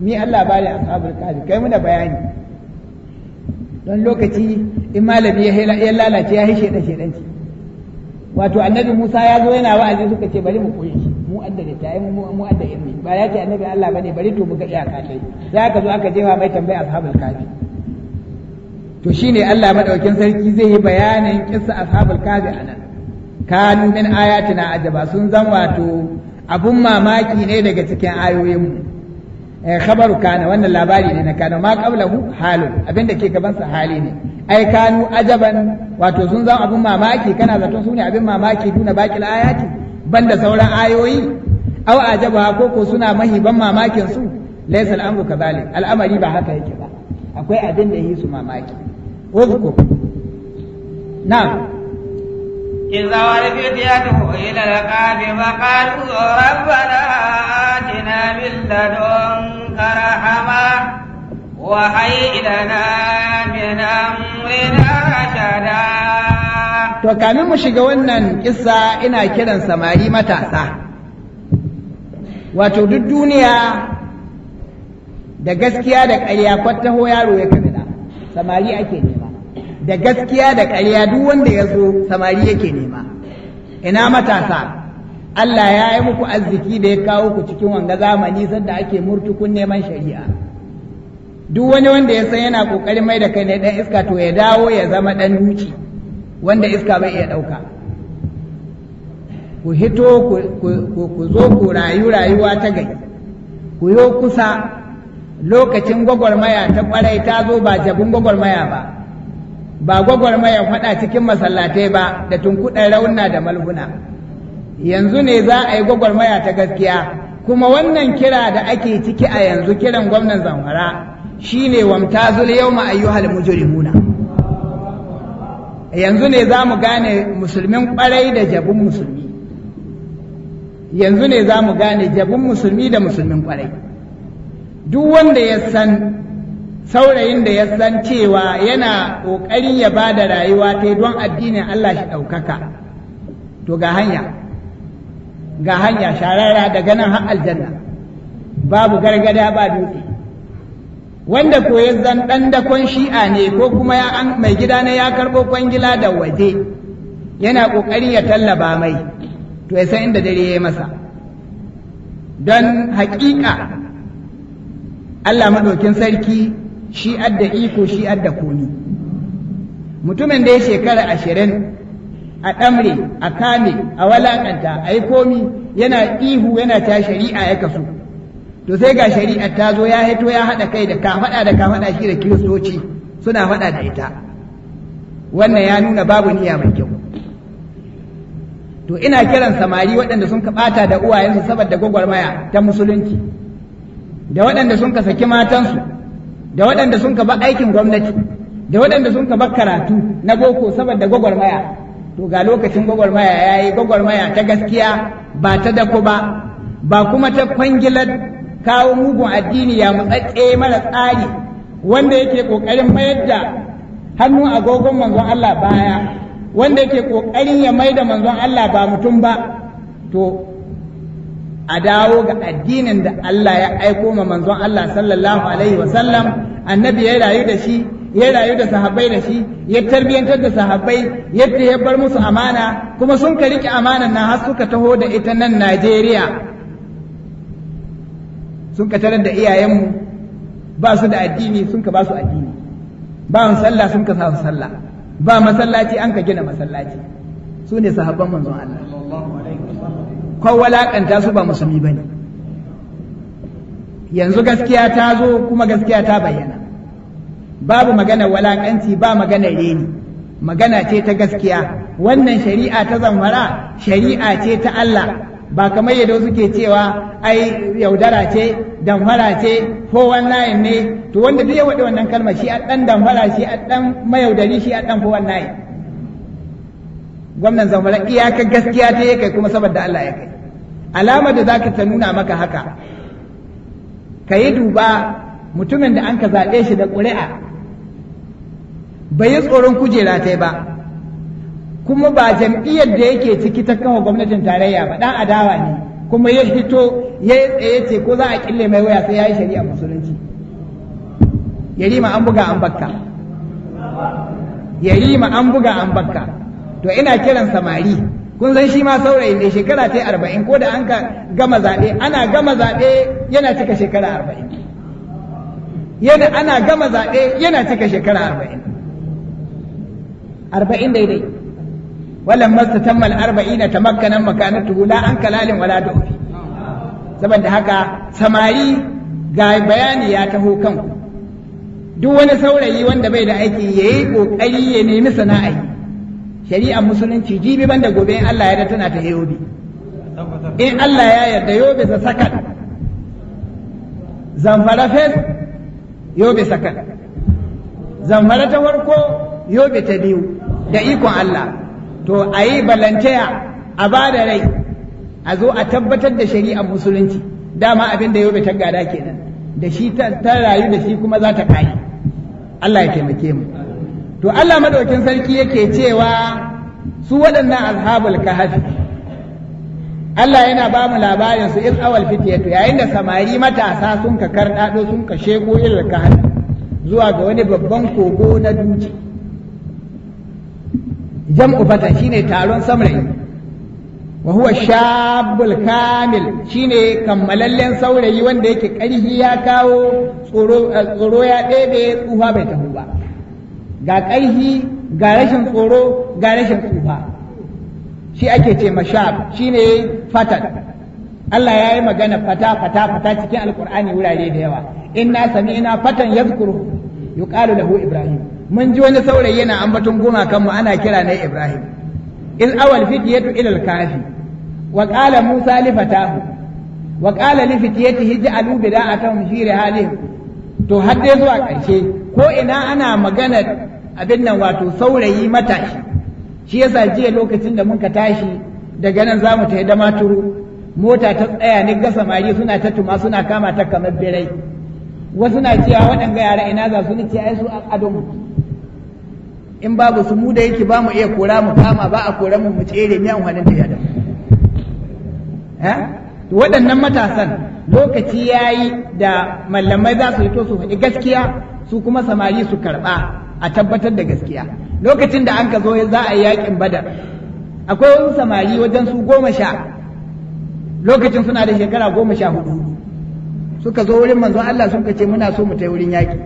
A: ni Allah bari ashabul kahfi kai muna bayani don lokaci in malami ya lalace ya hishe da shedanci wato annabi Musa ya zo yana wa'azi suka ce bari mu koyi shi mu adda da tayi mu mu adda ilmi ba ya ce annabi Allah bane bari to muga iyaka dai sai aka zo aka je wa mai tambaya ashabul kafi to shine Allah madaukin sarki zai yi bayanin kissa ashabul kafi anan kanu min ayatina ajaba sun zan wato abun mamaki ne daga cikin ayoyin mu Eh, khabaru kana wannan labari ne na kana ma qablahu halun abinda ke gaban sa hali ne ai kanu ajaban wato sun zama abin mamaki kana zato su ne abin mamaki duna bakil ayati banda sauran ayoyi aw ajaba ko ko suna mahiban mamakin su laysa al'amru kadhalik al'amari ba haka yake ba akwai abin da yi su mamaki wazkur na'am
B: إذا ورفت يده إلى فقالوا ربنا آتنا من لدنك رحمة وهيئ لنا من أمرنا رشدا
A: To kamin mu shiga wannan kissa ina kiran samari matasa, wato duk duniya da gaskiya da ƙarya kwattaho yaro ya kabila, samari ake ne. da gaskiya da ƙarya duk wanda ya zo samari yake nema ina matasa Allah ya yi muku arziki da ya kawo ku cikin wanga zamani sanda ake murtukun neman shari'a duk wani wanda ya san yana ƙoƙarin mai da kai ne ɗan iska to ya dawo ya zama ɗan duci wanda iska bai iya ɗauka ku hito ku zo ku rayu rayuwa ta gai, ku yo kusa lokacin gwagwarmaya ta ƙwarai ta zo ba jabin gwagwarmaya ba ba gwagwarmaya faɗa cikin masallatai ba da tunkuɗar rauna da malhuna yanzu ne za a yi gwagwarmaya ta gaskiya kuma wannan kira da ake ciki a yanzu kiran gwamnan zamfara shine wamtazul yawma ayyuhal mujrimuna yanzu ne za mu gane musulmin kwarai da jabun musulmi yanzu ne za mu gane jabun musulmi da musulmin kwarai duk wanda ya san saurayin da ya san cewa yana ƙoƙarin ya ba da rayuwa ta don addinin Allah shi ɗaukaka to ga hanya ga hanya sharara daga nan har aljanna babu gargada ba dutse wanda ko ya zan ɗan dakon shi'a ne ko kuma mai gida na ya karɓo kwangila da waje yana ƙoƙarin ya tallaba mai to ya san inda dare ya yi masa don haƙiƙa Allah maɗaukin sarki shi adda iko shi adda komi mutumin da ya shekara ashirin a ɗamre a kame a walakanta a yi komi yana ihu yana ta shari'a ya kaso, to sai ga shari'a ta zo ya haito ya haɗa kai da ka faɗa da ka faɗa shi da kiristoci suna faɗa da ita wannan ya nuna babu niyya mai kyau to ina kiran samari waɗanda sun ka ɓata da uwayensu saboda gwagwarmaya ta musulunci da waɗanda sun ka saki matansu da waɗanda sun ka ba aikin gwamnati da waɗanda sun ka ba karatu na boko saboda gwagwarmaya to ga lokacin gwagwarmaya ya yi gwagwarmaya ta gaskiya ba ta dako ba ba kuma ta kwangilar kawo mugun addini ya mutsatse mara tsari wanda yake ƙoƙarin mayar da hannu agogon manzon Allah baya wanda yake ƙoƙarin ya mai da manzon Allah ba mutum ba to a dawo ga addinin da Allah ya aiko ma manzon Allah sallallahu alaihi wasallam annabi ya rayu da shi ya rayu da sahabbai da shi ya tarbiyantar da sahabbai yadda ya bar musu amana kuma sun ka rike amanan na har suka taho da ita nan Najeriya sun ka tarar da iyayenmu ba su da addini sun ka ba su addini ba sallah sun ka sa sallah ba masallaci an ka gina masallaci su ne sahabban manzon Allah ko walakanta su ba musulmi ba ne yanzu gaskiya ta zo kuma gaskiya ta bayyana babu magana walakanci ba magana reni magana ce ta gaskiya wannan shari'a ta zamfara shari'a ce ta Allah ba kamar yadda suke cewa ai yaudara ce damfara ce ko wannan ne to wanda duk ya waɗi wannan kalmar shi a ɗan damfara shi a ɗan mayaudari shi a ɗan ko wannan gwamnan iya iyakar gaskiya ta ya kai kuma saboda Allah ya kai alamar da zaka ta nuna maka haka ka yi duba mutumin da an ka zaɓe shi da ƙuri'a bai yi tsoron kujera ta ba kuma ba jam'iyyar da yake ciki ta kawo gwamnatin tarayya ba ɗan adawa ne kuma ya fito ya tsaye ce ko za a kille mai waya sai ya yi shari'a musulunci yarima an buga an bakka yarima an buga an bakka to ina kiran samari kun san shi ma saurayi ne shekara ta arba'in ko da an ka gama zaɓe ana gama zaɓe yana cika shekara arba'in yana ana gama zaɓe yana cika shekara arba'in arba'in daidai wallan masu tammal arba'ina ta makkanan makanatu la an kalalin wala da ofi saboda haka samari ga bayani ya taho kanku duk wani saurayi wanda bai da aiki ya yi ƙoƙari ya nemi sana'a shari'ar musulunci jibi banda gobe in Allah ya yarda tana ta yobe
B: in Allah ya yarda yobe sa sakat
A: zamfara fes yobe sakat zamfara ta farko yobe ta biyu da ikon Allah to a yi balanteya a ba da rai a zo a tabbatar da shari'ar musulunci dama abin da yobe ta gada kenan da shi ta rayu da shi kuma za ta kayi Allah ya taimake mu to Allah madaukin sarki yake cewa su waɗannan ashabul kahafi Allah yana ba mu labarin su in awal fitiyatu yayin da samari matasa sun ka karɗaɗo sun ka shego ilal kahf zuwa ga wani babban kogo na duci jam'u fata shine taron samari wa huwa shabul kamil shine kammalallen saurayi wanda yake ƙarhi ya kawo tsoro eh, ya ɗebe tsufa bai tafi ba ga ƙaihi ga rashin tsoro ga rashin tsufa shi ake ce mashab shi ne fatan Allah ya yi magana fata fata fata cikin alkur'ani wurare da yawa inna sami'na fatan yadhkuru yuqalu lahu ibrahim mun ji wani saurayi yana ambaton goma kanmu ana kira ne ibrahim in awal fitiyatu ila al-kafi wa qala musa li fatahu wa qala li fitiyatihi ja'alu bida'atan fi rihalihim to har dai zuwa ƙarshe ko ina ana maganar abin nan wato saurayi matashi shi yasa jiya lokacin da muka tashi daga nan za mu tafi da maturu mota ta tsaya ni ga samari suna ta tuma suna kama ta kamar birai wasu na cewa waɗanga yara ina za su ce ai su adon in babu su mu da yake ba mu iya kora mu kama ba a kora mu mu tsere miyan wani da ya da waɗannan matasan lokaci ya yi da mallamai za su to su faɗi gaskiya su kuma samari su karɓa a tabbatar da gaskiya lokacin da an ka zo za a yi yaƙin badar akwai wani samari wajen su goma sha lokacin suna da shekara goma sha hudu suka zo wurin manzon Allah suka ce muna so mu tai wurin yaƙi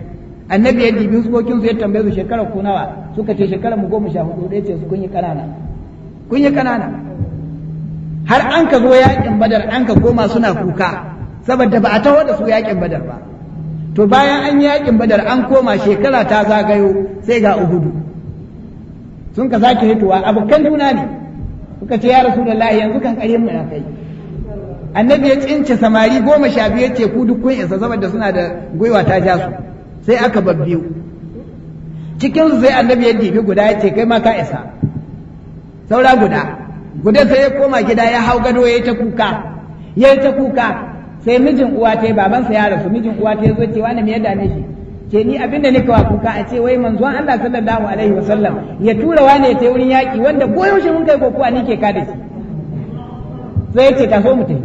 A: annabi ya dibi huskokin su ya tambaye su shekara ko nawa suka ce shekara mu goma sha hudu ɗaya ce su kun yi ƙanana kun yi ƙanana har an ka zo yaƙin badar an ka koma suna kuka saboda ba a taho da su yaƙin badar ba to bayan an yi yaƙin badar an koma shekara ta zagayo sai ga uhudu sun ka sake hitowa abokan juna ne suka ce ya rasu da lahi yanzu kan ƙarfin mu kai annabi ya tsince samari goma sha biyu ce ku duk kun isa saboda suna da gwiwa ta ja su sai aka biyu cikin su sai annabi ya dibi guda ya ce kai ma ka isa saura guda Gudan sai ya koma gida ya hau gado ya yi ta kuka ya yi ta kuka sai mijin uwa ta babansa ya rasu mijin uwa ta zo cewa na me ya dame shi ke ni abin da nika kuka a ce wai manzon Allah sallallahu alaihi wasallam ya tura wani ya ta wurin yaƙi wanda ko mun kai kokuwa ni ke kada shi sai ce ta so mu sai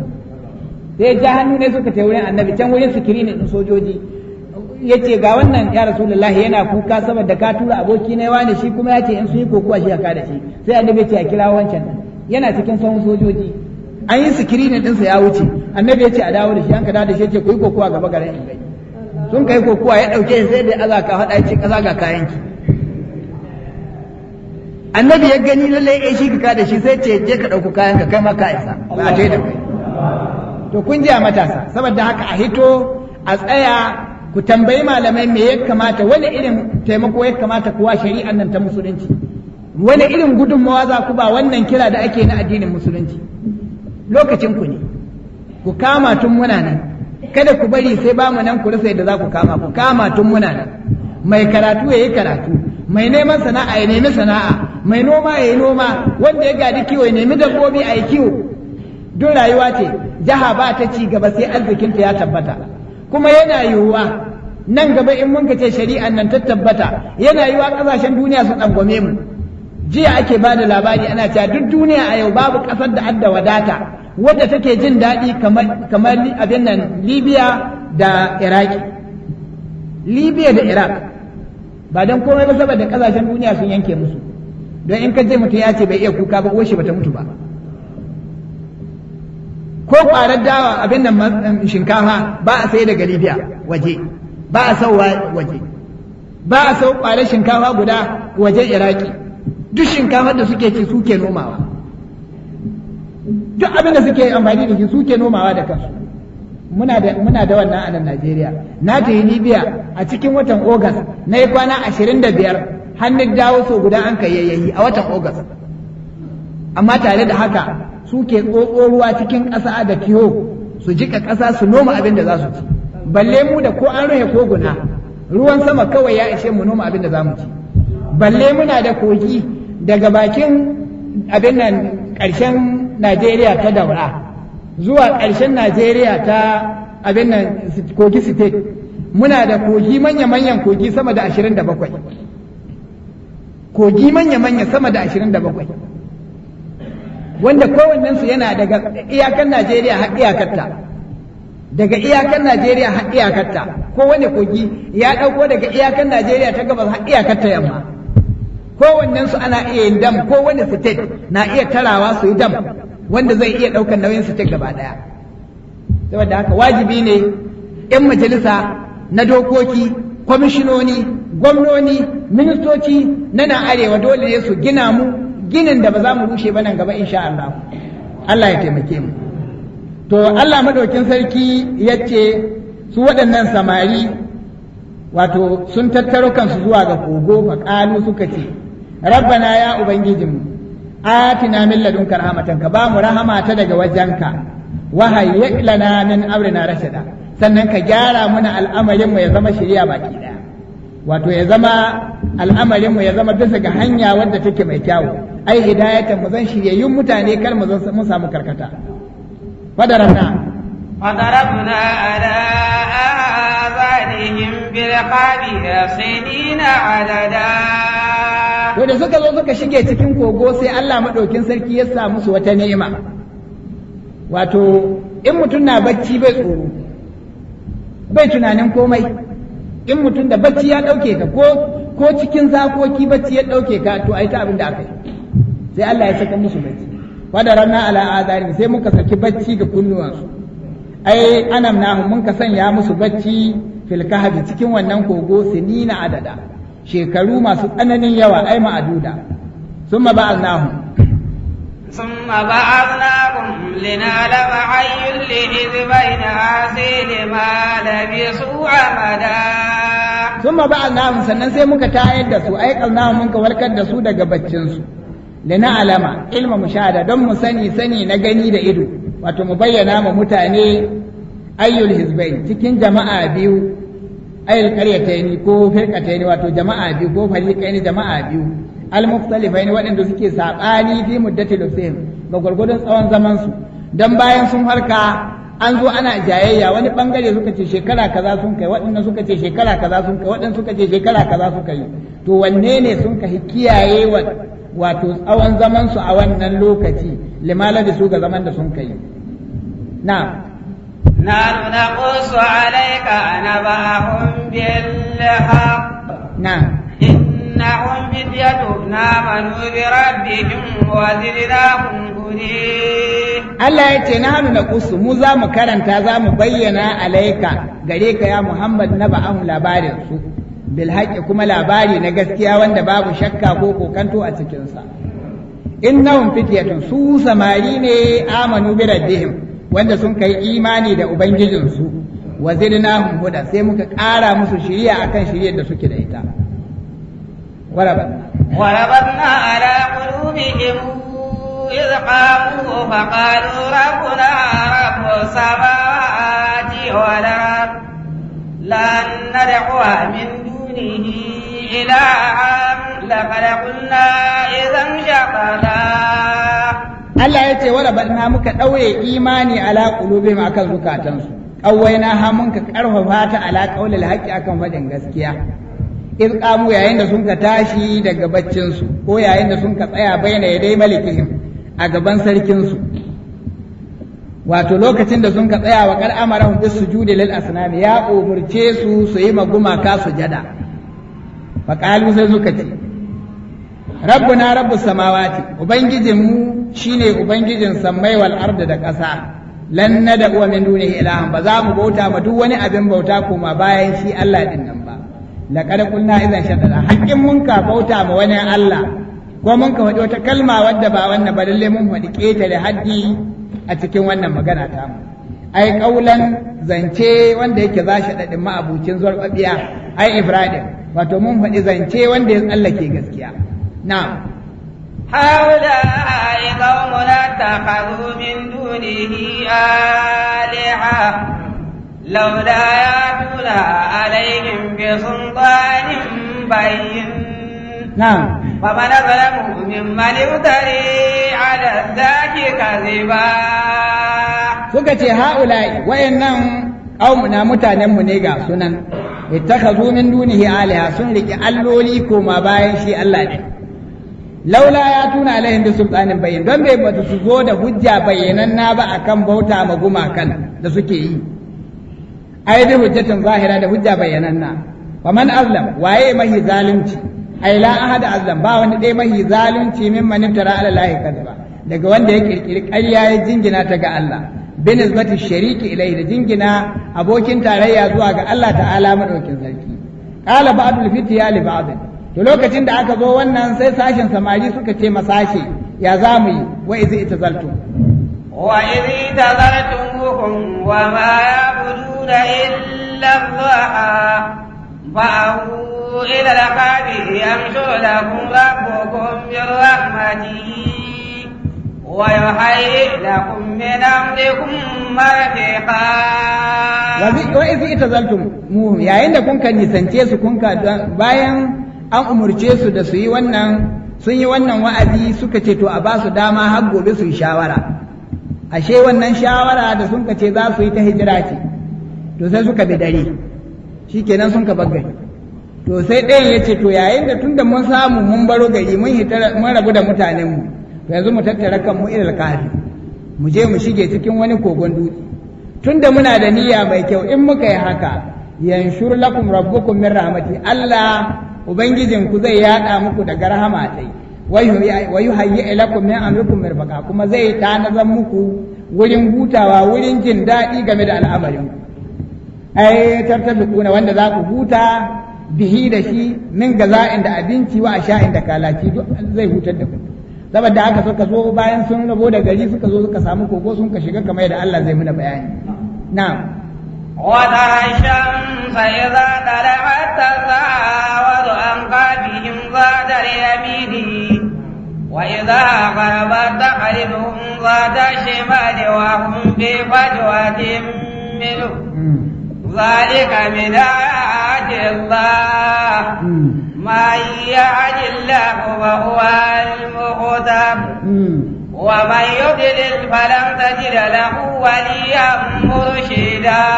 A: ya ja hannu ne suka ta wurin annabi can wurin sikiri ne sojoji ya ce ga wannan ya rasulullahi yana kuka saboda ka tura aboki na wani shi kuma ya ce in sun yi kokuwa shi ya kada shi sai annabi ya ce a kira wancan yana cikin sauran sojoji an yi sikirinin ɗinsa ya wuce annabi ya ce a dawo da shi an ka da shi ya ce ku yi kokowa gaba garin in gai sun kai kokowa ya ɗauke shi sai dai aza ka haɗa ya ce ƙasa ga kayan ki annabi ya gani lallai ya eh, shi ka da shi sai ce je ka ɗauko kayan ka kai ma ka isa ba a da kai to kun ji a matasa saboda haka a hito a tsaya ku tambayi malamai me ya kamata wani irin taimako ya kamata kuwa shari'an nan ta musulunci wani irin gudunmawa za ku ba wannan kira da ake na addinin musulunci lokacin ku ne ku kama tun muna nan kada ku bari sai ba mu nan ku rasa yadda za ku kama ku kama tun muna nan mai karatu ya yi karatu mai neman sana'a ya nemi sana'a mai noma ya yi noma wanda ya gadi kiwo ya nemi dabbobi a yi kiwo Don rayuwa ce jiha ba ta ci gaba sai arzikinta ya tabbata kuma yana yiwuwa nan gaba in mun ce shari'an nan ta tabbata yana yiwuwa kasashen duniya su tsangwame mu jiya ake ba da labari ana cewa duk duniya a yau babu ƙasar da adda wadata wadda take jin daɗi kamar abin nan libya da iraki libya da iraq ba don komai ba saboda ƙasashen duniya sun yanke musu don in ka je mutum ya ce bai iya kuka ba washe bata mutu ba ko ƙwarar dawa abin nan shinkafa ba a sai daga libya waje ba a sauwa waje ba a sau ƙwarar shinkafa guda waje iraki duk shinkafar da suke ci suke nomawa duk abin da suke amfani da shi suke nomawa da kansu muna da muna da wannan a nan Najeriya na je Libya a cikin watan Ogas na yi kwana 25 hannun dawo so guda an kai yayyayi a watan Ogas amma tare da haka suke tsotso ruwa cikin ƙasa da kiho su jika ƙasa su noma abin da za su ci balle mu da ko an ko guna, ruwan sama kawai ya ishe mu noma abin da za mu ci balle muna da kogi daga bakin abin nan ƙarshen najeriya ta daura zuwa ƙarshen najeriya ta abin nan kogi state muna da kogi manya-manyan kogi sama da 27 kogi manya-manya sama da 27 wanda kowannensu yana daga iyakar najeriya har iyakarta daga iyakar Najeriya har iyakarta ko wani kogi ya ɗauko daga iyakar Najeriya ta gabas har iyakarta yamma kowannen su ana iya yin dam ko wani state na iya tarawa su yi dam wanda zai iya ɗaukar nauyin state gaba ɗaya saboda haka wajibi ne 'yan majalisa na dokoki kwamishinoni gwamnoni ministoci na nan arewa dole ne su gina mu ginin da ba za mu rushe ba nan gaba insha Allah Allah ya taimake mu to Allah madaukin sarki ya ce su waɗannan samari wato sun tattaro kansu zuwa ga kogo faƙalu suka ce rabbana ya ubangijinmu آتنا min لدنك rahmatan ka ba mu rahama ta daga wajenka أمرنا رشدا سننك جارا amrina rashada sannan ka gyara mana ya zama wato ya zama al'amarin mu ya zama bisa ga hanya wadda take mai kyau ai hidayatan mu zan yin mutane kar mu zan mu samu karkata fadarana
B: fadarabna ala azanihim bil qabi sinina
A: adada to da suka zo suka shige cikin kogo sai Allah maɗaukin sarki ya sa musu wata ni'ima wato in mutum na bacci bai tsoro bai tunanin komai in mutum da bacci ya ɗauke ka ko ko cikin zakoki bacci ya ɗauke ka to ai ta abin da aka yi sai Allah ya saka musu bacci wada ranna ala azari sai muka saki bacci ga kunnuwansu ai anam nahu mun ka sanya musu bacci fil cikin wannan kogo sinina adada shekaru masu tsananin yawa ai ma'aduda sun ma ba'alnahu
B: ثم بعثناهم لنعلم
A: sannan sai muka tayar da su ai kalnahu muka warkar da su daga baccinsu, lina alama ilma mushahada don mu sani sani na gani da ido wato mu bayyana ma mutane ayyul hizbain cikin jama'a biyu ayil qaryatayn ko firqatayn wato jama'a biyu ko fariqayn jama'a biyu al muftalifayn waɗanda suke sabani fi muddati lufsihim ga gurgurdan tsawon zaman su dan bayan sun farka an zo ana jayayya wani bangare suka ce shekara kaza sun kai waɗannan suka ce shekara kaza sun kai waɗannan suka ce shekara kaza sun kai to wanne ne sun kai kiyaye wato tsawon zaman su a wannan lokaci limala da su ga zaman da sun kai na.
B: نحن نقص عليك نبأهم بالحق نعم إنهم آمنوا بربهم وزدناهم
A: Allah ya ce na hannu na kusu mu za mu karanta za mu bayyana alaika gare ka ya Muhammad na ba'an labarin su bilhaƙi kuma labari na gaskiya wanda babu shakka ko kokanto a cikinsa innahum fitiyatun su samari ne amanu bi rabbihim wanda sun kai imani da ubangijinsu wa zidnahum huda sai muka ƙara musu shiriya akan shiriyar da suke da ita وربطنا وربطنا على قلوبهم
B: إذ قاموا فقالوا ربنا رب السماوات والأرض لن ندعو من دونه إلها لقد قلنا إذا شططا
A: Allah ya ce wala na muka ɗauye imani ala qulubihim akan zukatansu qawwaina ha hamun ka karfafa ta ala qaulil haqqi akan wajen gaskiya in qamu yayin da sun ka tashi daga baccin ko yayin da sun ka tsaya ya yadai malikihim a gaban sarkinsu. wato lokacin da sun ka tsaya wa kar amarahum bis sujudi lil asnami ya umurce su su yi maguma ka sujada fa qalu sai suka ce rabbuna rabbus samawati ubangijinmu shine ubangijin sammai wal arda da ƙasa lan da uwa min duniya ilahan ba za mu bauta ma duk wani abin bauta koma bayan shi Allah din nan ba laqad qulna idan shaddada haƙƙin mun ka bauta ma wani Allah ko mun ka faɗi wata kalma wadda ba wannan ba lalle mun faɗi ƙetare haddi a cikin wannan magana ta mu ai ƙaulan zance wanda yake za shi daɗin ma'abucin zuwa ai ibrahim wato mun faɗi zance wanda ya tsallake gaskiya Na.
B: هؤلاء قوم اتخذوا من دونه آلهة لولا يأتون عليهم بسلطان بين نعم ومن ظلم ممن افتري على الذات كذبا
A: suka ce ha'ulai wayannan qaumuna mutanen mu ne ga sunan ittakhazu min dunihi alaha sun riki alloli koma bayan shi Allah ne laula ya tuna alaihim bi sultanin bayyin don bai bata su zo da hujja bayyananna ba a kan bauta ma gumakan da suke yi ai bi hujjatin zahira da hujja bayyananna wa man azlam waye mahi zalunci ai la ahada azlam ba wani dai mahi zalunci min man tara ala lahi kadaba daga wanda ya kirkiri ƙarya ya jingina ta ga Allah bi nisbati shariki ilai da jingina abokin tarayya zuwa ga Allah ta'ala madaukin sarki qala ba'dul fitya li ba'd to lokacin da aka zo wannan sai sashen samari suka ce masashe ya za mu yi wa izi ita zaltu
B: wa izi ta hukun wa ma ya budu da illa a fa'ahu ila al da kun lakum kun yi rahmati wa yuhayyi lakum kun amrikum marfiqa
A: wa izi ita zaltun mu yayin da kun kan nisance su kun ka bayan an umarce su da su yi wannan sun yi wannan wa'azi suka ce to a ba su dama har gobe su yi shawara ashe wannan shawara da sun ce za su yi ta hijira ce to sai suka bi dare shikenan sun ka baggai to sai ɗayan ya ce to yayin da tunda mun samu mun baro gari mun rabu da mutanenmu to yanzu mu tattara kanmu irin kafi mu je mu shige cikin wani kogon dutse tunda muna da niyya mai kyau in muka yi haka yanshur lakum rabbukum min rahmati Allah ubangijinku zai yaɗa muku daga rahama tai wayu hayi ilakum min amrikum mirfaka kuma zai tanazan muku wurin hutawa wurin jin daɗi game da al'amarin ai kuna wanda za ku huta bihi da shi min gaza'in da abinci wa asha'in da kalaci duk zai hutar da ku saboda haka suka zo bayan sun rabo da gari suka zo suka samu kogo sun ka shiga kamar yadda Allah zai muna bayani na'am وترى
B: الشمس إذا طلعت تزاور عن قلبهم ذات اليمين وإذا غربت تقلبهم ذات الشمال وهم في فجوة منه ذلك من آيات الله من يهد الله فهو المهتد ومن يضلل فلن تجد له وليا مرشدا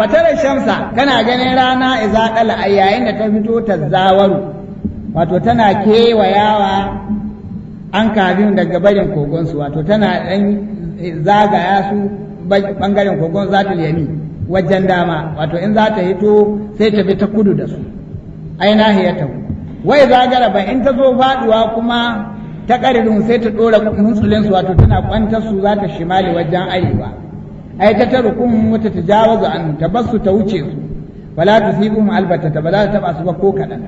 A: وترى الشمس كان جنين رانا إذا قال أيين تفتو تزاور wato tana kewayawa an kafin daga barin kogonsu wato tana ɗan zagaya su ɓangaren kogon zatul yami wajen dama wato in za ta hito sai ta bi ta kudu da su ai nahiyatahu wai zagara ba in ta zo faduwa kuma ta ƙaririn sai ta ɗora musulun su wato tana kwantar su za ta shimali wajen arewa ai ta kun wata ta ga an ta basu ta wuce su fala tusibum albatata ba za ta taba su ba ko kaɗan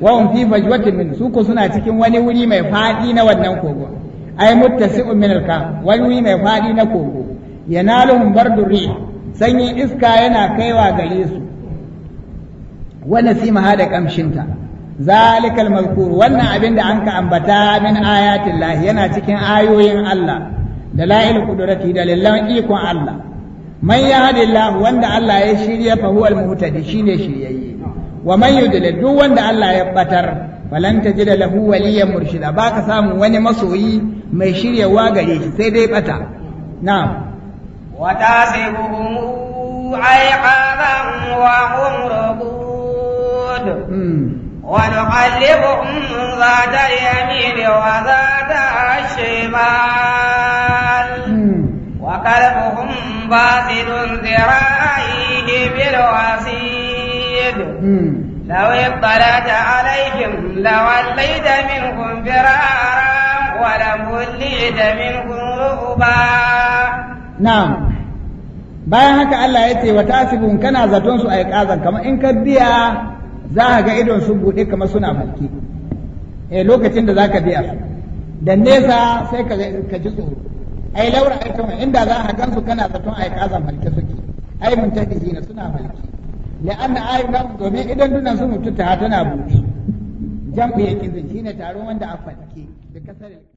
A: wa hum fi fajwatin min su ko suna cikin wani wuri mai faɗi na wannan kogo ai muttasi'un min alka wani wuri mai faɗi na kogo yanaluhum bar rih sanyin iska yana kaiwa gare su wa nasimaha haɗa kamshinta zalikal mazkur wannan abin da anka ambata min ayatin yana cikin ayoyin Allah da la'il qudrati da lillan ikon Allah man yahdillahu wanda Allah ya shirya fahuwar huwal shine shiryayye wa man yudlil duk wanda Allah ya batar falan da lahu waliyan murshida baka samu wani masoyi mai shiryawa gare sai dai bata na'am
B: wa tasibuhum ayqadan wa hum raqud hmm. ونقلبهم ذات اليمين وذات الشمال وكلبهم باسل ذراعيه بالوسيد لو اطلعت عليهم لوليت منهم فرارا ولمليت منهم رهبا
A: نعم bayan haka Allah ya ce wa tasibun kana zaton su a kazan kamar in ka biya za a ga idon su buɗe kamar suna falke eh, a lokacin da za ka biya su da nesa sai ka ji tsoro ai laura ai tuma inda za a su kana zaton ai kazan falke suke ai mun ta na suna falke la'anna ayyukan domin idan dunan sun mutu ta tana buɗe jam'u yake shi shine taron wanda a falke da kasar